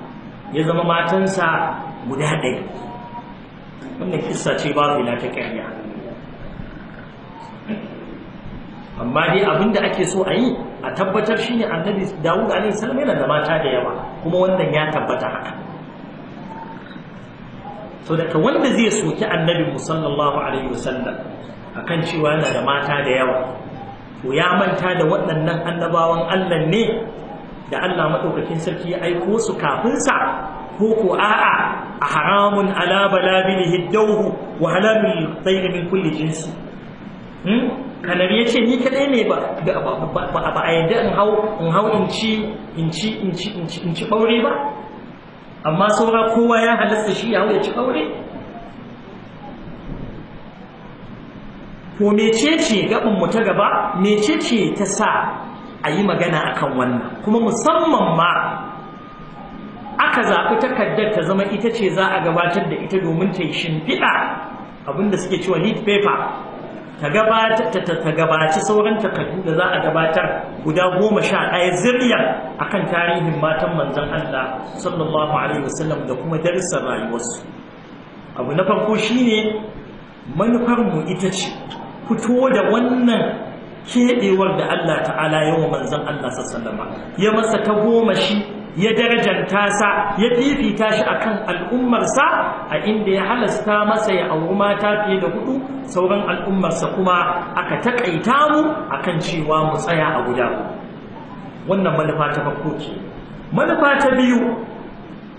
ya zama matansa guda ɗaya wannan kissa ce ba ila ta ƙarya amma dai abinda ake so a yi a tabbatar shi ne annabi dawud alaihi salam yana da mata da yawa kuma wannan ya tabbata haka so daga wanda zai soki annabi musallallahu alaihi wasallam akan cewa yana da mata da yawa to ya manta da waɗannan annabawan Allah ne da Allah madaukakin sarki ya aiko su kafin sa ko ko a'a a haramun ala balabilihi dawhu wa halalul tayr min kulli jinsi hmm? kanar ya ce ni kadai ne ba a yadda in hau in hau in ci in ci in ci in ci in ci ɓaure ba amma saura kowa ya halasta shi ya hau ya ci ɓaure Ko mecece gaɓin mu ta gaba mecece ta sa a yi magana a kan wannan kuma musamman ma aka zaɓi takardar ta zama ita ce za a gabatar da ita domin ta yi shimfiɗa abinda suke cewa lead paper ta gabaci sauran takardu da za a gabatar guda goma sha ɗaya zirya a kan tarihin matan manzan Allah sallallahu alaihi wasallam da kuma darussan rayuwarsu abu na farko shine manufarmu ita ce fito da wannan keɓewar da Allah ta'ala ya wa manzan Allah sallama ya masa ta goma shi ya darajanta sa ya fifita shi a kan al'ummarsa a inda ya halasta masa ya auri mata fiye da hudu sauran al'ummarsa kuma aka taƙaita mu a kan cewa mu tsaya a guda wannan manufa ta farko ce manufa ta biyu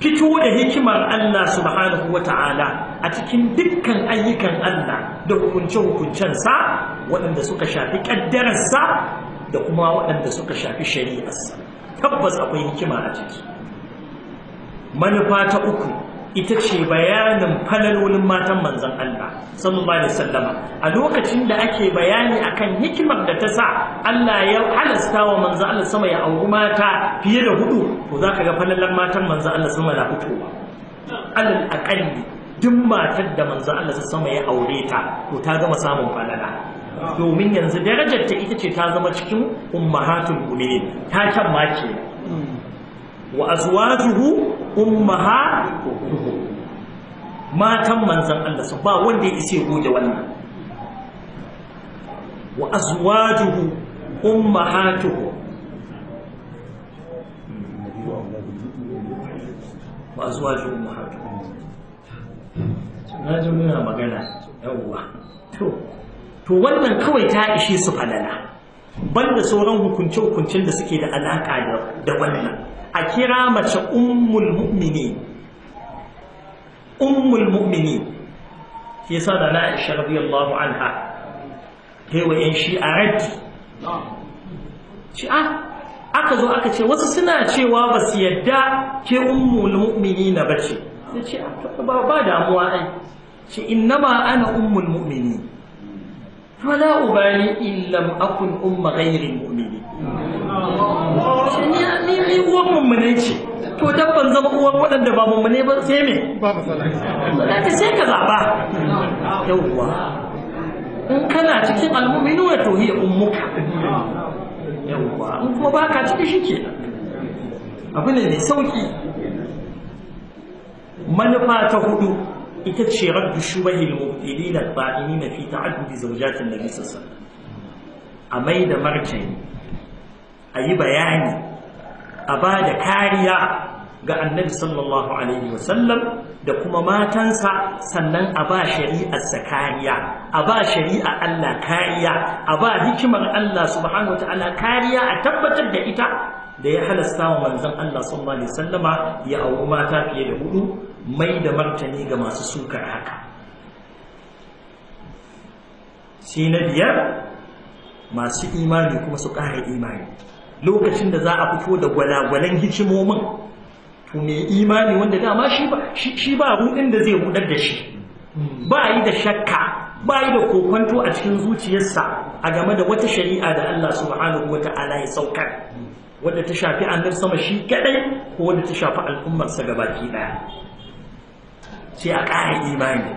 fito da hikimar Allah subhanahu wa ta'ala a cikin dukkan ayyukan Allah da hukunce-hukuncensa waɗanda suka shafi ƙaddararsa da kuma waɗanda suka shafi shari'arsa tabbas akwai hikima a ciki manufa ta uku ita ce bayanin falalolin matan manzan Allah sallallahu alaihi sallama. a lokacin da ake bayani akan hikimar da ta sa Allah ya halasta wa manzan Allah sama ya auri mata fiye da hudu to zaka ga falalar matan manzan Allah sama da fitowa alal aqalli duk matar da manzan Allah sama ya aure ta to ta gama samun falala domin yanzu darajar ta ita ce ta zama cikin ummahatul mu'minin ta kan ma wa azwajuhu ummahatuhum matan manzan Allah su ba wanda ya ce goge wannan wa azwajuhu ummahatuhum wa azwajuhu ummahatuhum na ji muna magana yawwa to to wannan kawai ta ishe su falala banda sauran hukunce-hukuncen da suke da alaka da wannan a kira mace ummul mu'mini ummul mu'mini ke sa da na'isha radiyallahu anha taiwa yan shi a ah, raddi ci aka zo aka ce wasu suna cewa ba su yadda ke ummul mu'mini na bace ce ah, ba damuwa ai ce innama ana ummul mu'mini fala ubani in akun umma ghairi mu'mini ni ni uwan mummune ce to dabban zama uwan waɗanda ba mummune ba sai me ba ka sai ka zaba yawwa in kana cikin almu'minu wa tuhiya ummuka yawwa in kuma baka cikin shi kenan abu ne mai sauki manufa ta hudu ita ce raddu shubahil mubtilina ba'inina fi ta'addudi zawjatin nabi bisa sa. a mai da martani a yi bayani a ba da kariya ga annabi sallallahu alaihi wasallam da kuma matansa sannan a ba shari'arsa kariya a ba shari'a Allah kariya a ba hikimar Allah subhanahu wataala kariya a tabbatar da ita da ya halasta wa manzon Allah sallallahu alaihi wasallama ya auri mata fiye da hudu mai da martani ga masu sukar haka sai na biyar masu imani kuma su ƙara imani lokacin da za a fito da gwalagwalen hikimomin to mai imani wanda dama shi ba ruɗin da zai rudar da shi ba yi da shakka ba yi da kokwanto a cikin zuciyarsa a game da wata shari'a da Allah subhanahu wa ta'ala ya saukar wadda ta shafi annar sama shi kadai ko wadda ta shafi al'ummarsa gabaki daya sai a ƙara imani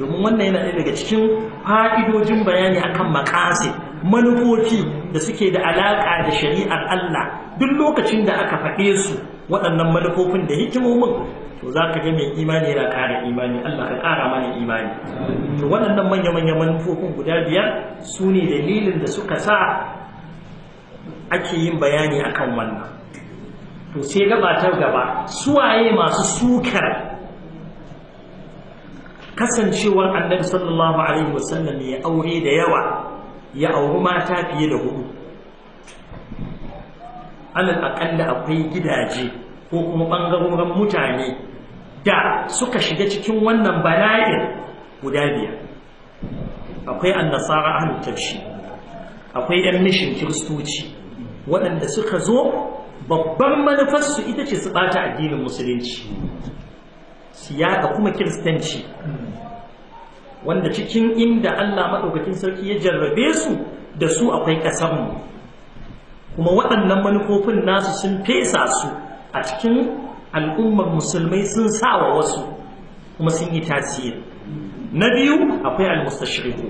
domin wannan yana daga cikin fa'idojin bayani akan makasi manufofi da suke da alaƙa da shari'ar Allah duk lokacin da aka faɗe su waɗannan manufofin da hikimomin to za ka ga mai imani yana ƙara imani Allah ka ƙara mana imani to waɗannan manya-manya manufofin guda biyar su ne dalilin da suka sa ake yin bayani akan wannan to sai gaba ta gaba suwaye masu sukar kasancewar annabi sallallahu alaihi wasallam ya aure da yawa ya auri mata fiye da hudu alal aƙalla akwai gidaje ko kuma ɓangarorin mutane da suka shiga cikin wannan bala'in guda biyar akwai annasara ahlul tafshi akwai yan mishin kiristoci waɗanda suka zo babban manufarsu ita ce su ɓata addinin musulunci siyaka kuma kiristanci wanda cikin inda Allah maɗaukakin sarki ya jarrabe su da su akwai ƙasarmu kuma waɗannan manufofin nasu sun fesa su a cikin al'ummar musulmai sun sawa wasu kuma sun yi tasiri na biyu akwai al-mustashriku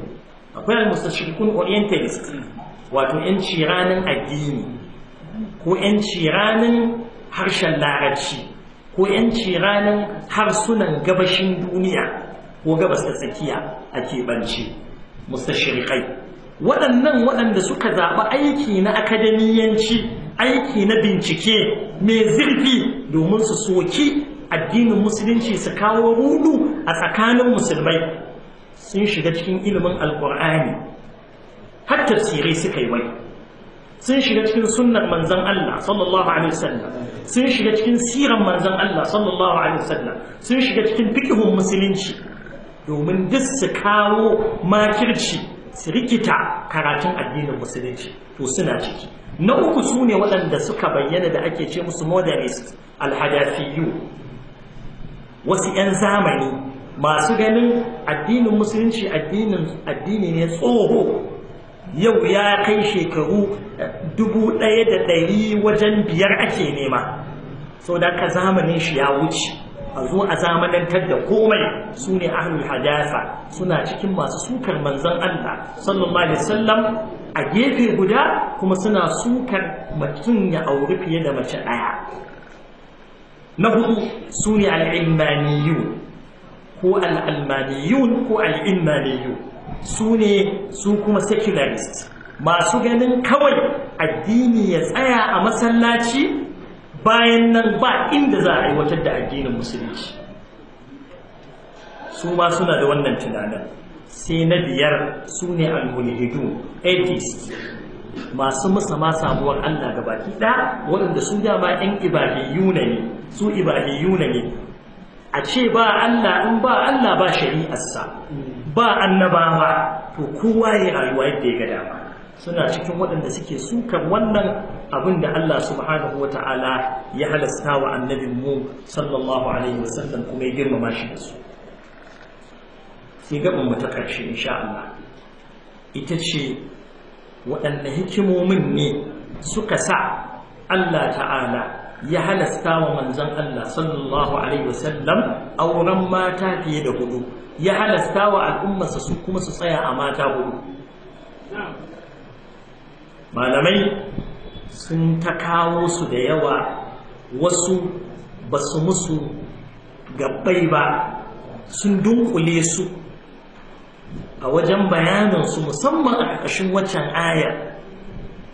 akwai al-mustashrikun orientalist wato 'yanci ciranin addini ko 'yanci ciranin harshen larabci ko yanci ranar harsunan gabashin duniya ko gabas da tsakiya a keɓance mustashirikai waɗannan waɗanda suka zaɓi aiki na akademiyanci aiki na bincike mai zurfi domin su soki addinin musulunci su kawo rudu a tsakanin musulmai sun shiga cikin ilimin alkur'ani har tafsirai suka yi wai sun shiga cikin sunnar manzan Allah sallallahu alaihi wasallam sun shiga cikin siran manzan Allah sallallahu alaihi wasallam sun shiga cikin fikihun musulunci domin duk su kawo makirci su rikita karatun addinin musulunci to suna ciki na uku sune ne waɗanda suka bayyana da ake ce musu modernist alhadafiyu wasu 'yan zamani masu ganin addinin musulunci addini ne tsoho yau ya kai shekaru eh, dubu ɗaya da ɗari wajen biyar ake nema sau da ka zamanin shi ya wuce a zo a zamanantar da komai su ne ahlul hadasa suna cikin masu sukar manzon Allah sallallahu alaihi wasallam a gefe guda kuma suna sukar mutum ya auri fiye da mace ɗaya na hudu su ne al'ilmaniyun ko al'almaniyun ko al'ilmaniyun su ne su kuma secularist masu ganin kawai addini ya tsaya a masallaci bayan nan ba inda za a aiwatar da addinin musulunci su ma suna da wannan tunanin sai na biyar su ne almulhidu atheist masu musama samuwar Allah ga baki ɗaya waɗanda su dama 'yan na ne su na ne a ce ba Allah in ba Allah ba shari'arsa ba annabawa to kowa ya rayuwa yadda ya ga dama suna cikin waɗanda suke sukan wannan abin da Allah subhanahu wa ta'ala ya halasta wa annabin mu sallallahu alaihi wa sallam kuma ya girmama shi da su sai gaban mu ta ƙarshe insha Allah ita ce waɗanne hikimomin ne suka sa Allah ta'ala ya halasta wa manzon Allah sallallahu alaihi wasallam auren mata fiye da hudu ya halasta wa al'ummarsa su kuma su tsaya a mata hudu malamai sun ta kawo su da yawa wasu ba su musu gabbai ba sun dunkule su a wajen bayanansu, musamman a ƙarƙashin waccan aya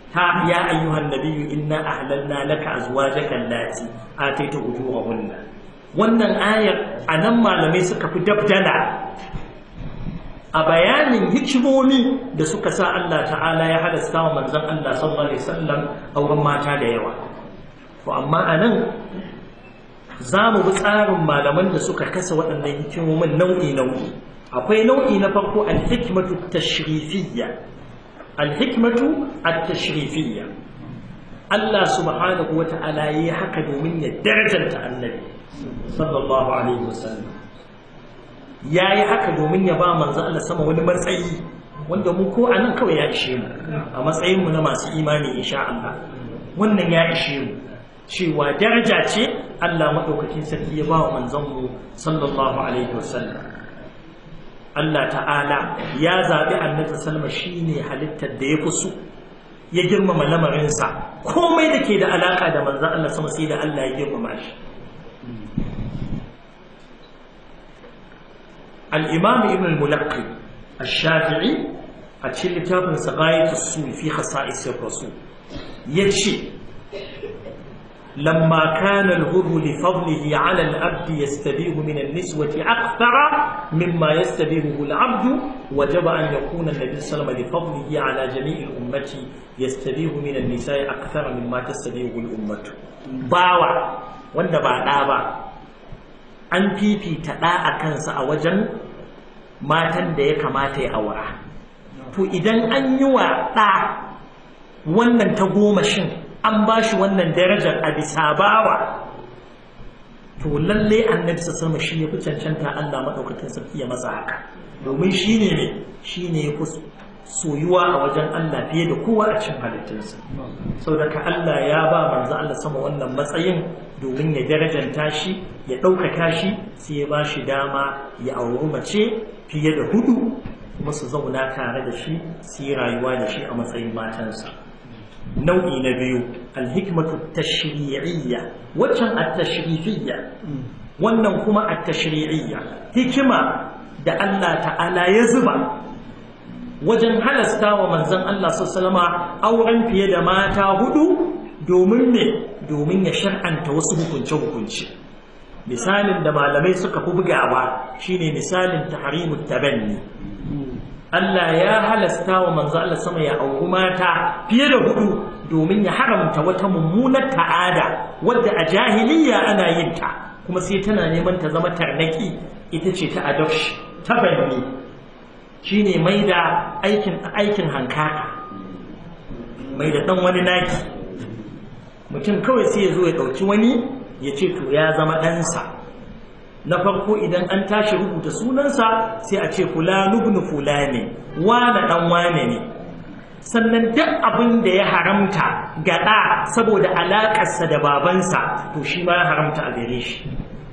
ta ya ayyuhan nabiyyu inna ahlalna laka azwajaka allati ataita ujurahunna wannan ayar anan malamai suka fi dabdana a bayanin hikimomi da suka sa Allah ta'ala ya halasta wa manzon Allah sallallahu alaihi wasallam auren mata da yawa to amma anan za mu bi tsarin malaman da suka kasa waɗannan hikimomin nau'i nau'i akwai nau'i na farko al-hikmatu tashrifiyya alhikmatu at-tashrifiyya Allah subhanahu wa ta'ala yi haka domin ya darajanta annabi sallallahu alaihi wasallam ya yi haka domin ya ba manzo Allah sama wani matsayi wanda mu ko anan kawai ya ishe mu a matsayin mu na masu imani insha Allah wannan ya ishe mu cewa daraja ce Allah madaukakin sarki ya ba wa manzon mu sallallahu alaihi wasallam Allah ta'ala ya zaɓi annabi salma shi ne halittar da ya fi so ya girmama lamarinsa komai da ke da alaƙa da manza, Allah sama sai da Allah ya girmama shi al-imam ibn al-mulaqqi shafii a cikin littafin sa ghayat as-sul fi khasa'is ya rasul لما كان الهر لفضله على العبد يستبيه من النسوة أكثر مما يستبيهه العبد وجب أن يكون النبي صلى الله عليه وسلم لفضله على جميع الأمة يستبيه من النساء أكثر مما تستبيه الأمة باوع wanda ba ɗa ba an fifita ɗa a kansa a wajen matan da ya kamata ya aura to idan an yi wa ɗa wannan ta goma shin an ba shi wannan darajar a bisa bawa to lalle annabi sa sama shi ya fi cancanta Allah madaukakin sarki ya masa haka domin shi ne ne shi ne soyuwa a wajen Allah fiye da kowa a cikin halittunsa sau da Allah ya ba manzo Allah sama wannan matsayin domin ya darajanta shi ya ɗaukaka shi sai ya ba shi dama ya auri mace fiye da hudu kuma su zauna tare da shi su yi rayuwa da shi a matsayin matansa nau'i na biyu alhikmatu tashri'iyya waccan at-tashrifiyya wannan kuma at-tashri'iyya hikima da Allah ta'ala ya zuba wajen halasta wa manzon Allah sallama auren fiye da mata hudu domin me domin ya shar'anta wasu hukunce hukunce misalin da malamai suka fi bugawa shine misalin tahrimut tabanni Allah ya halasta wa manzo Allah sama ya auku mata fiye da hudu domin ya haramta wata mummunar ta'ada wadda a jahiliya ana yin ta kuma sai tana neman ta zama tarnaki ita ce ta adoption ta banni shine mai da aikin aikin hankaka mai da dan wani naki mutum kawai sai ya zo ya dauki wani ya ce to ya zama ɗansa na farko idan an tashi rubuta sunansa sai a ce fulani ibn fulani wane dan wane ne sannan duk abin da ya haramta ɗa saboda alaƙarsa da babansa to shi ma ya haramta a gare shi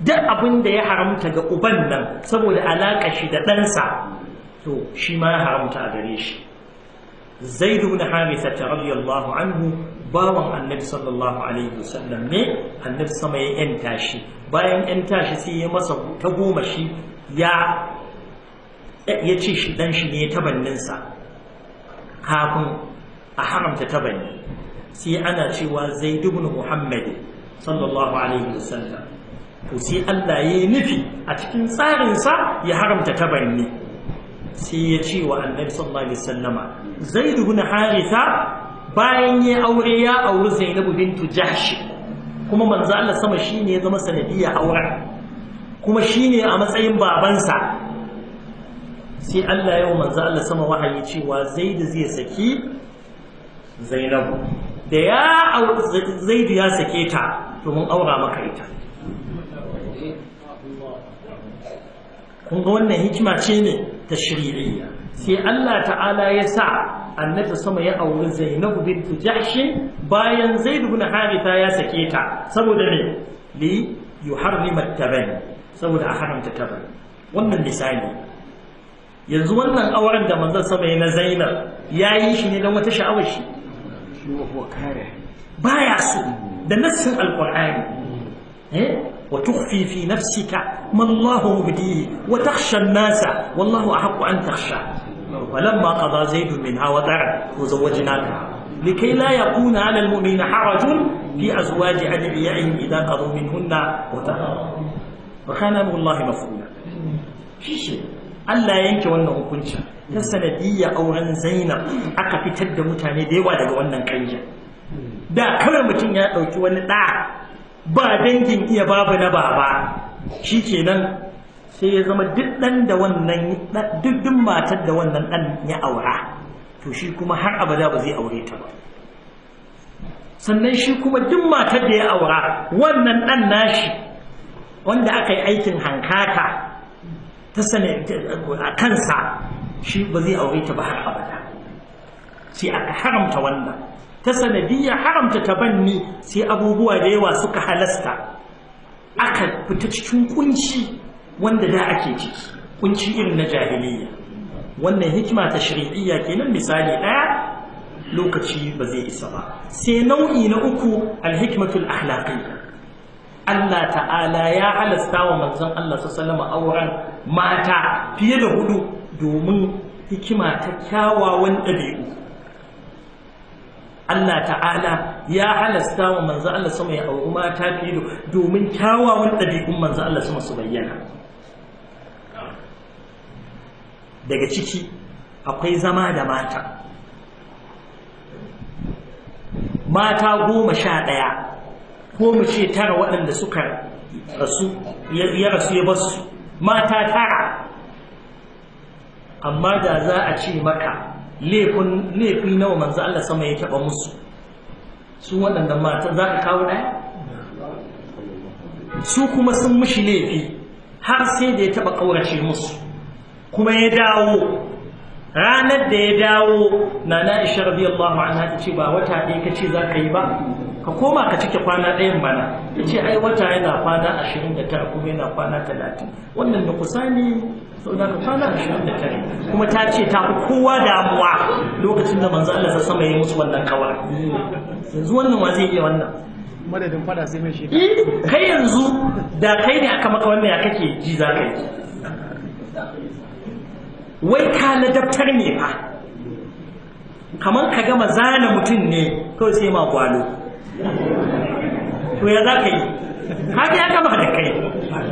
duk abin da ya haramta ga uban nan saboda alaƙa shi da ɗansa to shi ma ya haramta a gare shi zaidu na Hamisa ta radiyallahu anhu bawan annabi sallallahu alaihi wasallam ne annabi sama ya yanta tashi bayan yan tashi sai ya masa ta goma shi ya ya ce shi dan shi ne tabanninsa kafin a haramta tabanni sai ana cewa zaid ibn muhammad sallallahu alaihi wasallam to sai Allah ya nufi a cikin tsarinsa ya haramta tabanni sai ya ce wa annabi sallallahu alaihi wasallama zaid ibn haritha bayan ya aure ya auri Zainabu bintu Jahsh kuma manzo Allah sama shine ya zama sanadiyya aure kuma shine a matsayin babansa sai Allah yau manzo Allah sama wahayi cewa Zaid zai saki Zainabu da ya Zaid ya sake ta domin aura maka ita kun ga wannan hikima ce ne ta shiri'iyya sai Allah ta'ala ya sa annabi sama ya auri Zainabu bint Jahsh bayan Zaid ibn Haritha ya sake ta saboda me li yuharrima tabani saboda a haramta tabani wannan misali yanzu wannan auren da manzon sama ya na Zainab yayi shi ne dan wata sha'awar shi baya so da nassin alqur'ani eh وتخفي في نفسك ما الله مبديه وتخشى الناس والله أحق أن تخشى فلما قضى زيد منها وطرا وزوجناك لكي لا يكون على المؤمن حرج في أزواج أدعيائهم إذا قضوا منهن وطرا وكان أمر الله مفعولا Allah yanke wannan hukuncin ta sanadiyya auren Zainab aka fitar da mutane da yawa daga wannan kanja da kawai mutum ya ɗauki wani ɗa ba dangin iya babu na baba shi kenan sai ya zama duk ɗan da wannan duk duk matar da wannan ɗan ya aura to shi kuma har abada ba zai aure ta ba sannan shi kuma duk matar da ya aura wannan ɗan nashi wanda aka yi aikin hankaka ta sane a kansa shi ba zai aure ta ba har abada sai aka haramta wannan ta sanadiyya haramta ta tabanni sai abubuwa da yawa suka halasta aka fita cikin kunci wanda da ake ciki kunci irin na jahiliya wannan hikima ta shari'iyya kenan misali ɗaya lokaci ba zai isa ba sai nau'i na uku alhikmatul akhlaqiyya Allah ta'ala ya halasta wa manzon Allah sallama auren mata fiye da hudu domin hikima ta kyawawan ɗabi'u Allah ta'ala ya halasta wa manzo Allah sama ya auri mata fiye domin kyawawan ɗabi'un manzo Allah sama su bayyana daga ciki akwai zama da mata mata goma sha ɗaya ko mu ce tara waɗanda suka rasu ya rasu ya basu mata tara amma da za a ce maka laifin nawa manzo Allah sama ya taɓa musu su waɗanda mata, za ka kawo ɗaya su kuma sun mushi laifi har sai da ya taɓa ƙaurace musu kuma ya dawo ranar da ya dawo na na isha radiyallahu ana ta ce ba wata ɗaya ka ce za ka yi ba ka koma ka cike kwana ɗayan bana ta ce ai wata yana kwana ashirin da tara kuma yana kwana talatin wannan da kusa ne sau da ka kwana ashirin da tara kuma ta ce ta fi kowa damuwa lokacin da manzo Allah sama ya musu wannan kawar yanzu wannan wa zai iya wannan madadin fada sai mai shekara eh, kai yanzu da kai ne aka maka wannan ya kake ji za ka yi wai ka na daftar ne fa kamar ka gama zana mutum ne kawai sai ma kwalo to ya za ka yi haka ya gama da kai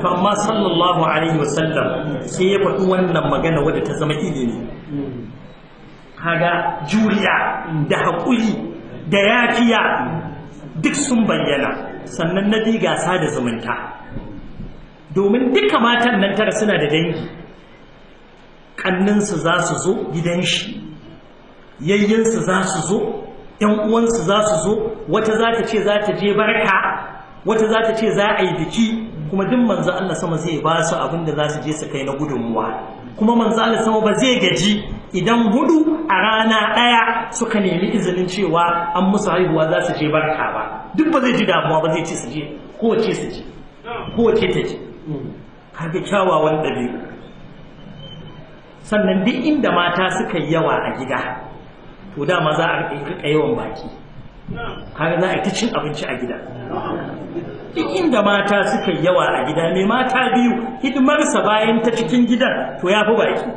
to amma sallallahu alaihi wasallam sai ya faɗi wannan magana wadda ta zama ilimi kaga juriya da haƙuri da yafiya duk sun bayyana sannan na gasa da zumunta domin duka matan nan tara suna da dangi ƙanninsu za su zo gidan shi 'yayyansu za su zo ‘yan uwansu za su zo wata za ta ce za ta je barka wata za ta ce za a yi biki kuma duk manzo Allah sama zai ba su abin da za su je su kai na gudunmuwa kuma manzo Allah sama ba zai gaji idan hudu a rana ɗaya suka nemi izinin cewa an musu haihuwa za su je barka ba duk ba zai ji damuwa ba zai ce su je kowace su je kowace ta je kaga kyawawan ɗabi'u sannan duk inda mata suka yi yawa a gida to dama za a rika yawan baki kaga za a ta cin abinci a gida duk inda mata suka yi yawa a gida mai mata biyu hidimarsa bayan ta cikin gidan to ya fi baki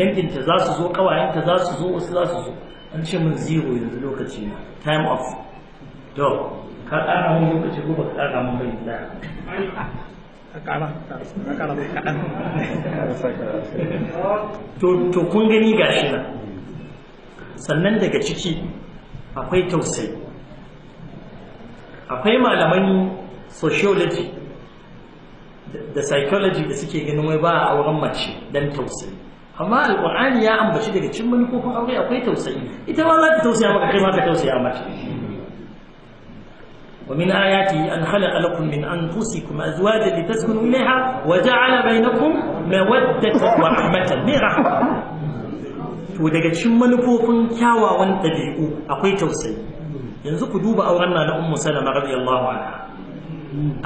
danginta za su zo ƙawayenta za su zo wasu za su zo an ce min zero yanzu lokaci na time off to ka ƙara mun lokaci ko ba ka ƙara mun bayyana kara to kun gani ga shi nan sannan daga ciki akwai tausayi akwai malaman sociology da psychology da suke ganin wai ba a auren mace don tausayi amma alƙur'ani ya ambaci daga cin manufofin aure akwai tausayi ita ma za ta tausaya maka kai ma ka tausaya mace ومن آياته أن خلق لكم من أنفسكم أزواجا لتسكنوا إليها وجعل بينكم مودة ورحمة ne to daga cikin manufofin kyawawan ɗabi'u akwai tausayi yanzu ku duba auren na ummu salama radiyallahu anha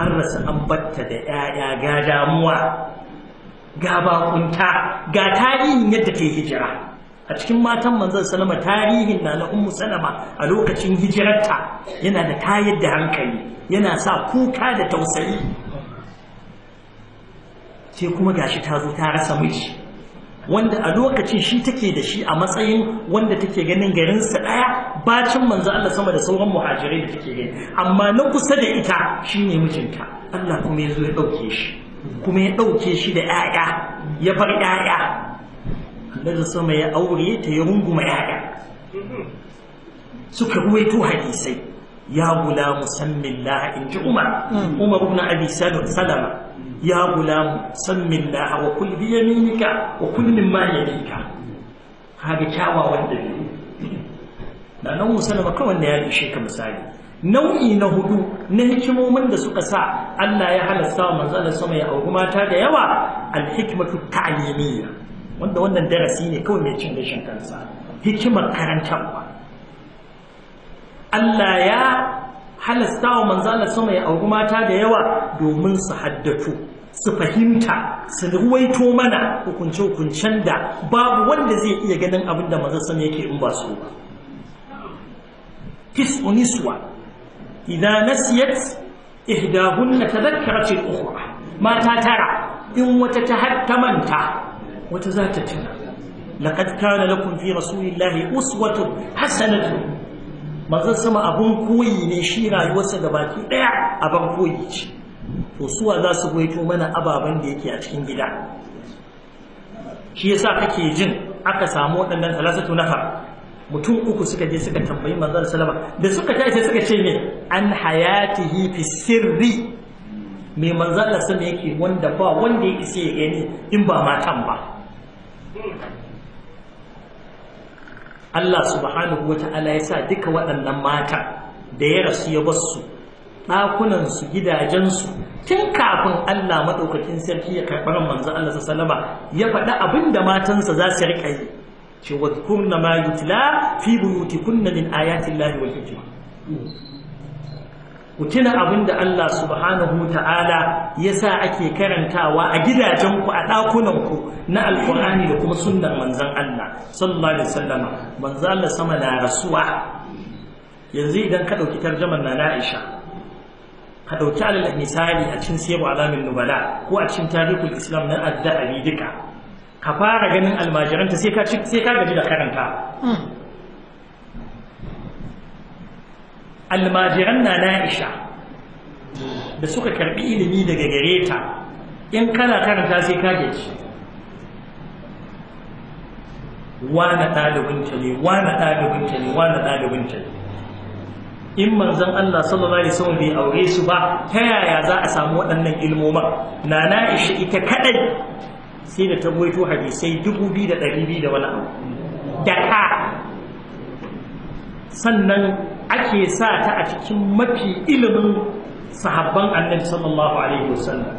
an rasa an batta da 'ya'ya ga damuwa ga bakunta ga tarihin yadda take hijira a cikin matan manzon salama tarihin na na ummu salama a lokacin hijirarta yana da tayar da hankali yana sa kuka da tausayi sai kuma gashi ta zo ta rasa miji wanda a lokacin shi take da shi a matsayin wanda take ganin garinsa ɗaya bacin manzo Allah sama da sauran muhajirai da take gani amma na kusa da ita shine mijinta Allah kuma ya zo ya ɗauke shi kuma ya ɗauke shi da ‘ya'ya ya bar ‘ya'ya annabi sama ya aure ta ya runguma yaya suka ruwaito hadisai ya gula musammin laha in ji umar hmm. umar ibn abi salon salama ya gula musammin laha wa kul bi yaminika wa kul min ma yamika kaga kyawawan dabi'u da nan musalama kawai da ya ishe ka misali nau'i na hudu na hikimomin da suka sa Allah ya halasta wa manzo Allah sama ya auri mata da yawa al-hikmatu ta'limiyya wanda wannan darasi ne kawai mai cin gashin kansa hikimar karantarwa Allah ya halasta wa manzana sama ya auri mata da yawa domin su haddatu su fahimta su ruwaito mana hukunce-hukuncen da babu wanda zai iya ganin abin da manzon sama yake in ba su ba tis'u niswa idza nasiyat ihdahunna tadhakkarat al-ukhra mata tara in wata ta manta wata za ta tuna laqad kana lakum fi rasulillahi uswatun hasanatun manzon sama abun koyi ne shi rayuwarsa da baki ɗaya a koyi ce to suwa za su gwaito mana ababen da yake a cikin gida shi yasa kake jin aka samu waɗannan salasatu nafar mutum uku suka je suka tambayi manzon salama. da suka tashi suka ce me. an hayatihi fi sirri mai manzon sama yake wanda ba wanda ya isa ya gani in ba matan ba Allah subhanahu wa ta'ala ya sa duka waɗannan mata da ya rasu ya basu ɗakunansu gidajensu tun kafin Allah maɗaukakin sarki ya karɓar manzo Allah sallama ya faɗi abin da matansa za su riƙa yi cewa kunna ma yutla fi buyutikunna min ayati llahi wal hikma ku tuna abin da Allah subhanahu ta'ala ya sa ake karantawa a gidajenku a ɗakunanku na alkur'ani da kuma sunnar manzan Allah sallallahu alaihi wasallama manzan Allah sama na rasuwa yanzu idan ka ɗauki tarjaman na Aisha ka ɗauki alal misali a cikin sayyid alamin nubala ko a cikin tarihul islam na addabi duka ka fara ganin almajiranta sai ka sai ka gaji da karanta hmm. almajiran na na'isha da suka karbi ilimi daga gare ta in kana karanta sai ka gaji wane ɗalibinta ne wane ɗalibinta ne wane ɗalibinta ne in manzon Allah sallallahu alaihi wasallam bai aure su ba ta yaya za a samu waɗannan ilmoma na Naisha ita kadai sai da ta goyito hadisai 2200 da wani abu da ka sannan ake sa ta a cikin mafi ilimin sahabban annabi sallallahu alaihi wasallam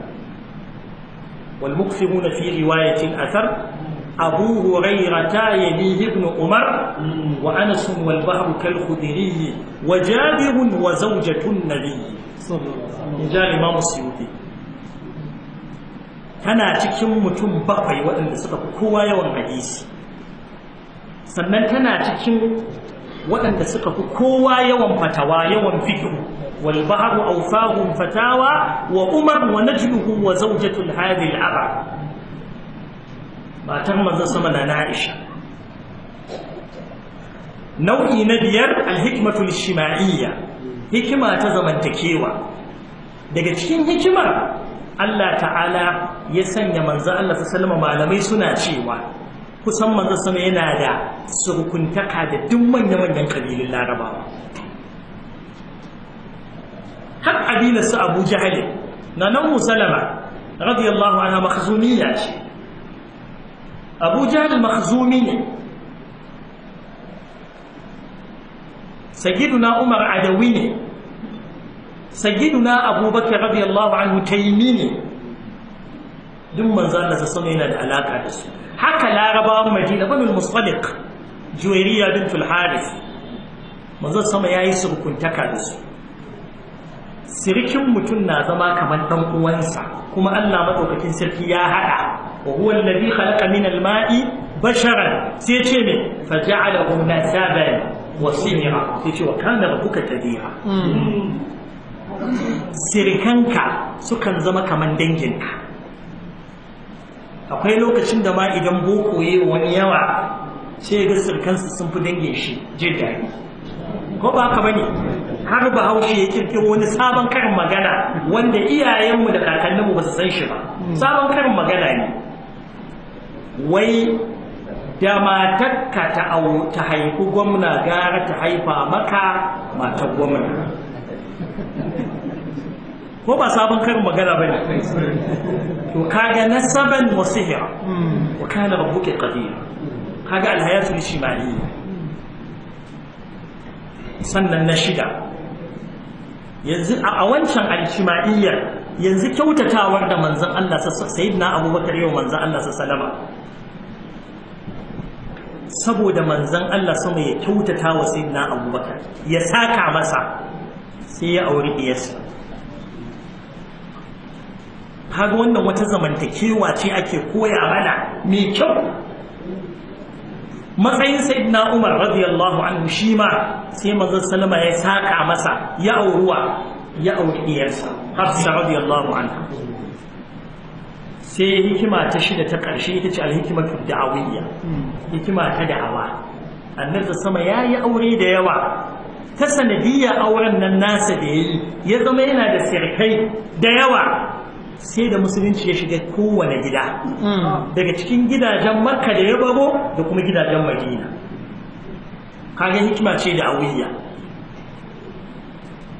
wal muqsimuna fi riwayatin athar abu hurairata yalihi ibn umar wa anas wal bahr kal khudri wa jabir wa zawjatun nabiy sallallahu alaihi tana cikin mutum bakwai waɗanda suka fi kowa yawan hadisi sannan tana cikin waɗanda suka fi kowa yawan fatawa yawan fikihu wal bahru awfahum fatawa wa umar wa najluhu wa zawjatul hadhihi al aba matar manzon sama na Aisha nau'i na biyar al hikmatul shima'iyya hikima ta zamantakewa daga cikin hikimar Allah ta'ala ya sanya manzo Allah sallallahu alaihi wasallam malamai suna cewa kusan manzo sama yana da surkuntaka da duk manya-manyan kabilun larabawa har kabilar su abu jahali na nan musalama radiyallahu anha ya ce abu jahali makhzumi ne sayyiduna umar adawi ne sayyiduna abubakar radiyallahu anhu taimi ne duk manzo Allah sama yana da alaka da su haka larabawan madina banin musalik juwairiya bin tulharis manzon sama ya yi surkuntaka da su sirikin mutum na zama kamar dan uwansa kuma allah maɗaukakin sarki ya haɗa wa huwa alladhi khalaqa min al-ma'i basharan sai ce ne fa ja'alahu nasaban wa sinira sai ce wa kana rabbuka tadira hmm. sirikanka sukan zama kamar danginka akwai lokacin da ma idan boko ya wani yawa sai ga kansu sun fi dangin shi jin daɗi ko ba haka bane har bahaushe ya kirkiro wani sabon karin magana wanda iyayenmu da kakanninmu ba su san shi ba sabon karin magana ne wai da matakka ta ta haifi gwamna gara ta haifa maka matar gwamna ko ba sabon karin magana ba ne to kaga nasaban wa sihira wa kana rabbuka qadir kaga alhayatul shimaliya sannan na shida yanzu a wancan alshimaliyyar yanzu kyautatawar da manzon Allah na Abubakar yau manzon Allah sallama saboda manzon Allah sama ya kyautata wa sayyidina Abubakar ya saka masa sai ya auri iyasa. kaga wannan wata zamantakewa ce ake koya mana mai kyau matsayin sayyidina umar radiyallahu anhu shi ma sai mazan salama ya saka masa ya auruwa ya auri diyarsa hafsa radiyallahu anha sai hikima ta shida ta ƙarshe ita ce alhikimatu da'awiyya hikima ta da'awa annabi sama yayi aure da yawa ta sanadiyya auren nan nasa da yayi ya zama yana da sirkai da yawa sai da musulunci ya shiga kowane gida mm. daga cikin gidajen makka da ya baro da kuma gidajen madina kaga hikima ce da awiyya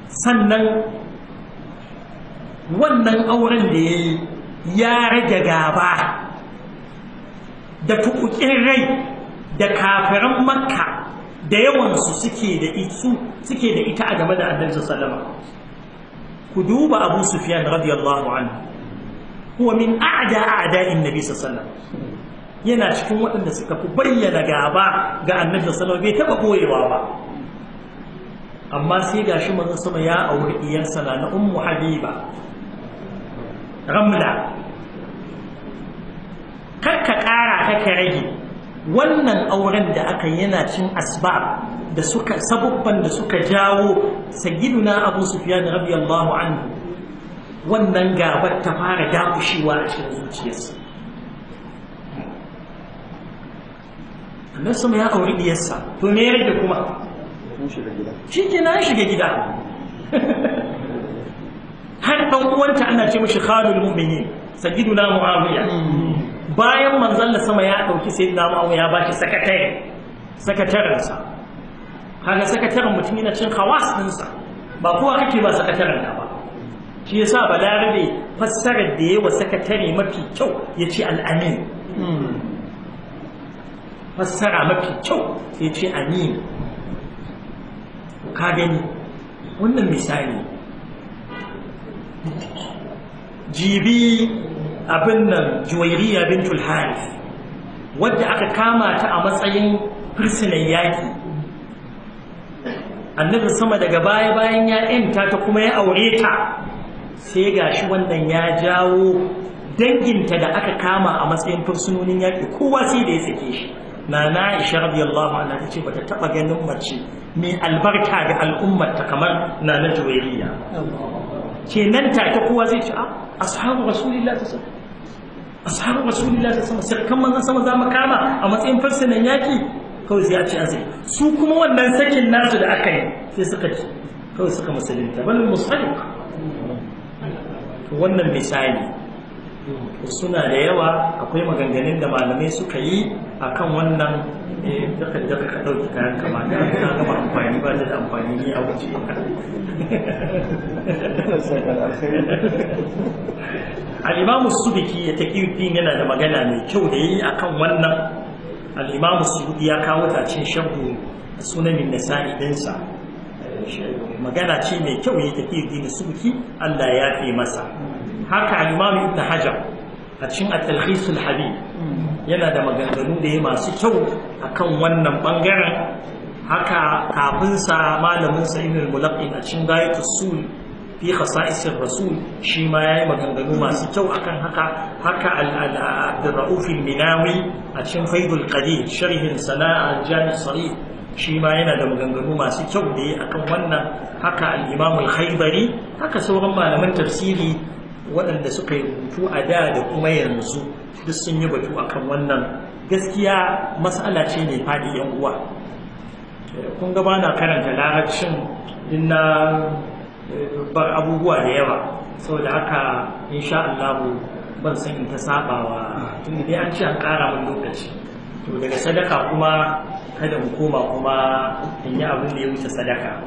sannan wannan auren da ya yi ya rage gaba da tukukin rai da kafiran makka da yawansu suke da ita a game da annabi sallama ku duba abu sufyan radiyallahu anhu Kuwa min a'da a'da'in nabi sallallahu alaihi wasallam yana cikin waɗanda suka fi bayyana gaba ga annabi sallallahu alaihi wasallam bai taɓa koyewa ba amma sai gashi manzon sama ya auri iyarsa na ummu habiba ramla kar ka ƙara kakka rage wannan auren da aka yana cin asbab da suka sabubban da suka jawo sayyiduna abu sufyan radiyallahu anhu wannan gabar ta fara dakushewa a cikin zuciyarsa annabi sama ya auri diyarsa to me yar da kuma shi ke na shiga gida har ɗan uwanta ana ce mashi khalul mu'minin sayyiduna muawiya mm. bayan manzon sama ya ɗauki sai sayyidina Muawiya ya bashi sakatare sakatarensa kaga sakataren mutum yana cin khawas ɗinsa ba kowa kake ba sakataren ka ba shi yasa balarabe fassarar da yawa sakatare mafi kyau ya ce al'amin fassara mafi kyau ya ce amin ka gani wannan misali jibi abin nan juwairiya bintul harith wadda aka kama ta a matsayin fursunan yaƙi annabi sama daga baya bayan ya yanta ta kuma ya aure ta sai ga shi wannan ya jawo danginta da aka kama a matsayin fursunonin yaƙi kowa sai da ya sake shi na na isha radiyallahu anha ta ce bata taɓa ganin mace mai albarka ga al'ummarta kamar na na juwairiya kenan nan take kowa zai ci a ah, ashabu rasulillah ta sama ashabu rasulillah ta sama sirkan manzon sama za mu kama a matsayin fursunan yaki kawai sai a ci azai su kuma wannan sakin nasu da aka yi sai suka ci kawai suka musulunta bal musallik wannan misali suna da yawa akwai maganganun da malamai suka yi a kan wannan eh, da ka ɗauki kayan kama da ta gama amfani ba da amfani ne a wuce al'imamu subiki ya taƙi yana da magana mai kyau da yi a kan wannan al'imamu subiki ya kawo tacin shabu sunanin nasa'i ɗinsa eh, magana ce mai kyau ya su subiki allah ya fi masa haka al-imam ibn hajar a cikin at-talkhis habib yana da maganganu da ya masu kyau akan wannan bangaren haka kafin sa malamin sa ibn mulaqin a cikin gayat usul fi khasa'is rasul shi ma yayi maganganu masu kyau akan haka haka al-abdurrauf al-minawi a cikin faidul qadir sharhin sana'a al-jami sarih shi ma yana da maganganu masu kyau da yi akan wannan haka al-imam al haka sauran malaman tafsiri waɗanda suka yi rubutu a da da kuma yanzu duk sun yi batu akan wannan gaskiya matsala ce mai faɗi yan uwa kun ga na karanta larabcin in na eh, bar abubuwa da yawa saboda haka insha Allah ban san in ta wa tun dai an ce an ƙara min lokaci to daga sadaka kuma kada mu koma kuma in yi abin da ya wuce sadaka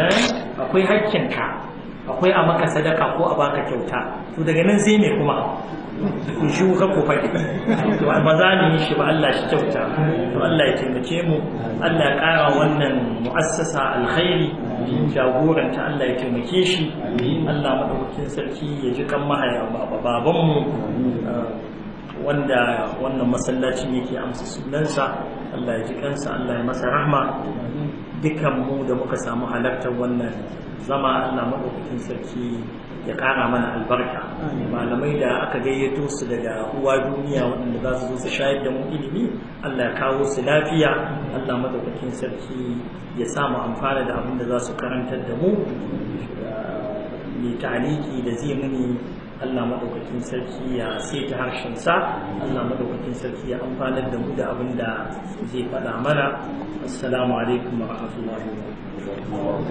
eh, akwai hakkinka akwai a maka sadaka ko a baka kyauta to daga nan sai me kuma ku shi ka ku faɗi to ba za mu yi shi ba Allah shi kyauta to Allah ya taimake mu Allah ya ƙara wannan mu'assasa alkhairi jagoranta Allah ya taimake shi Allah madaukakin sarki ya ji kan mahaya baban mu eh, wanda wannan masallacin yake amsa sunansa Allah ya ji kansa Allah ya masa rahma dukan mu da muka samu halartar wannan zama Allah maɗaukakin sarki ya ƙara mana albarka malamai da aka gayyato su daga uwa duniya waɗanda za su zo su shayar da mu ilimi Allah ya kawo su lafiya Allah maɗaukakin sarki ya samu amfana da abin da za su karantar da mu mai taliki da zai muni Allah maɗaukakin sarki ya saita harshensa Allah maɗaukakin sarki ya amfanar da mu da abin da zai faɗa mana assalamu alaikum wa rahmatullahi wa